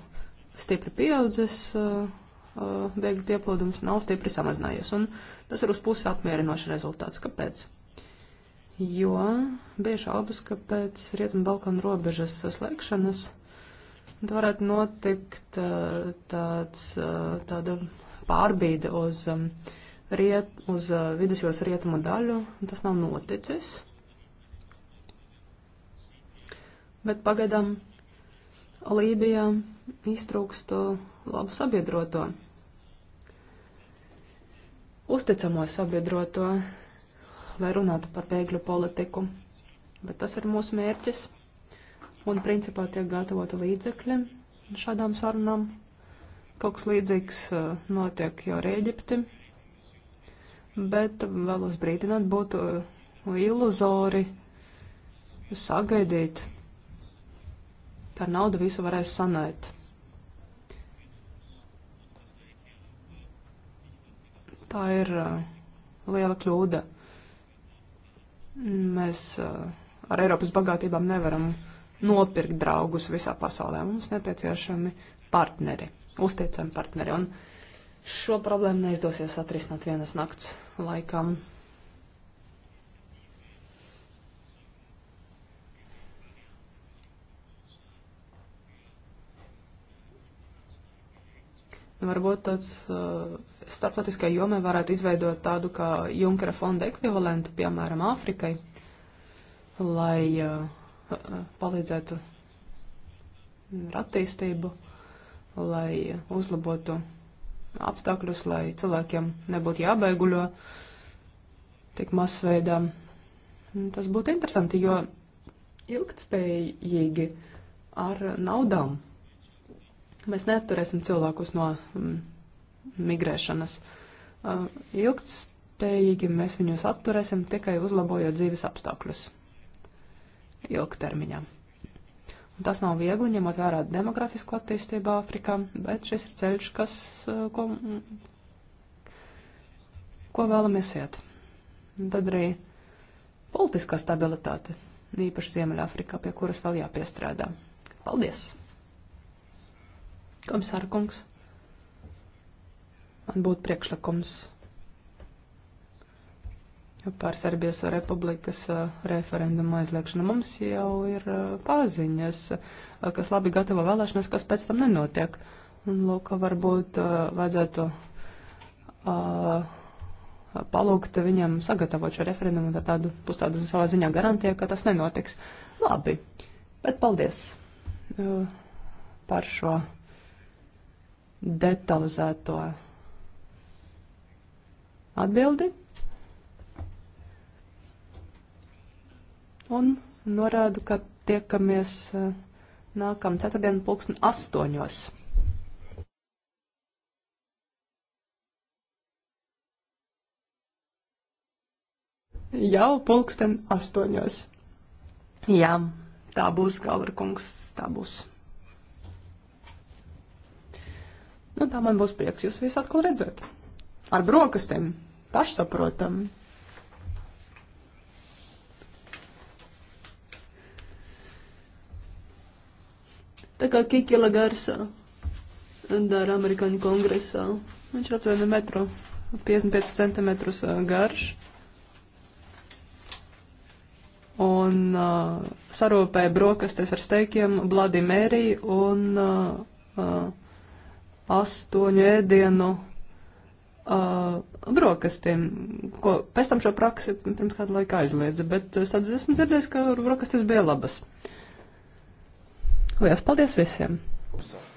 stipri pieaudzis, eh, eh, bēgļu pieplūdums nav stipri samazinājies, un tas ir uz pusi apmierinoši rezultāts. Kāpēc? jo bija šaubas, ka pēc Rietumu Balkanu robežas slēgšanas Tad varētu notikt eh, tāds, eh, tāda pārbīde uz, um, riet, uz eh, vidusjūras rietumu daļu, un tas nav noticis. Bet pagaidām Lībijā iztrūkst labu sabiedroto, uzticamo sabiedroto, lai runātu par bēgļu politiku. Bet tas ir mūsu mērķis un principā tiek gatavota līdzekļi šādām sarunām. Kaut kas līdzīgs uh, notiek jau ar Eģipti, bet vēlos brīdināt, būtu uh, iluzori sagaidīt, ka nauda visu varēs sanēt. Tā ir uh, liela kļūda. Mēs ar Eiropas bagātībām nevaram nopirkt draugus visā pasaulē. Mums nepieciešami partneri, uzticami partneri. Un šo problēmu neizdosies atrisināt vienas nakts laikam. Varbūt tāds uh, starptautiskā jomē varētu izveidot tādu kā Junkera fonda ekvivalentu, piemēram, Āfrikai, lai uh, palīdzētu ar attīstību, lai uzlabotu apstākļus, lai cilvēkiem nebūtu jābeiguļo tik masveidā. Tas būtu interesanti, jo ilgtspējīgi ar naudām mēs neatturēsim cilvēkus no mm, migrēšanas. Ilgtspējīgi mēs viņus atturēsim tikai uzlabojot dzīves apstākļus ilgtermiņā. Un tas nav viegli, ņemot vērā demografisko attīstību Āfrikā, bet šis ir ceļš, kas, eh, ko, ko vēlamies iet. Un tad arī politiskā stabilitāte, īpaši Ziemeļāfrikā, pie kuras vēl jāpiestrādā. Paldies! Komisāra kungs, man būtu priekšlikums par Serbijas republikas uh, referendumu aizliekšanu. Mums jau ir uh, paziņas, uh, kas labi gatavo vēlēšanas, kas pēc tam nenotiek. Un, lūk, varbūt vajadzētu uh, palūgt viņam sagatavot šo referendumu, tā tādu pustādu savā ziņā garantija, ka tas nenotiks. Labi, bet paldies uh, par šo detalizēto atbildi. un norādu, ka tiekamies eh, nākam ceturtdien pulksten astoņos. Jau pulksten astoņos. Jā, tā būs, Galvarkungs, tā būs. Nu, tā man būs prieks jūs visu atkal redzēt. Ar brokastiem, pašsaprotami. Tā kā Kiki Lagarsā dara amerikāņu kongresā. Viņš ir aptuveni metru, 55 centimetrus garš. Un uh, sarūpēja brokastes ar steikiem Vladimēri un uh, uh, astoņu ēdienu uh, brokastiem, ko pēc tam šo praksi pirms kādu laiku aizliedza, bet es tad esmu dzirdējis, ka brokastes bija labas. Uh, Lielas paldies visiem! Uzsāk.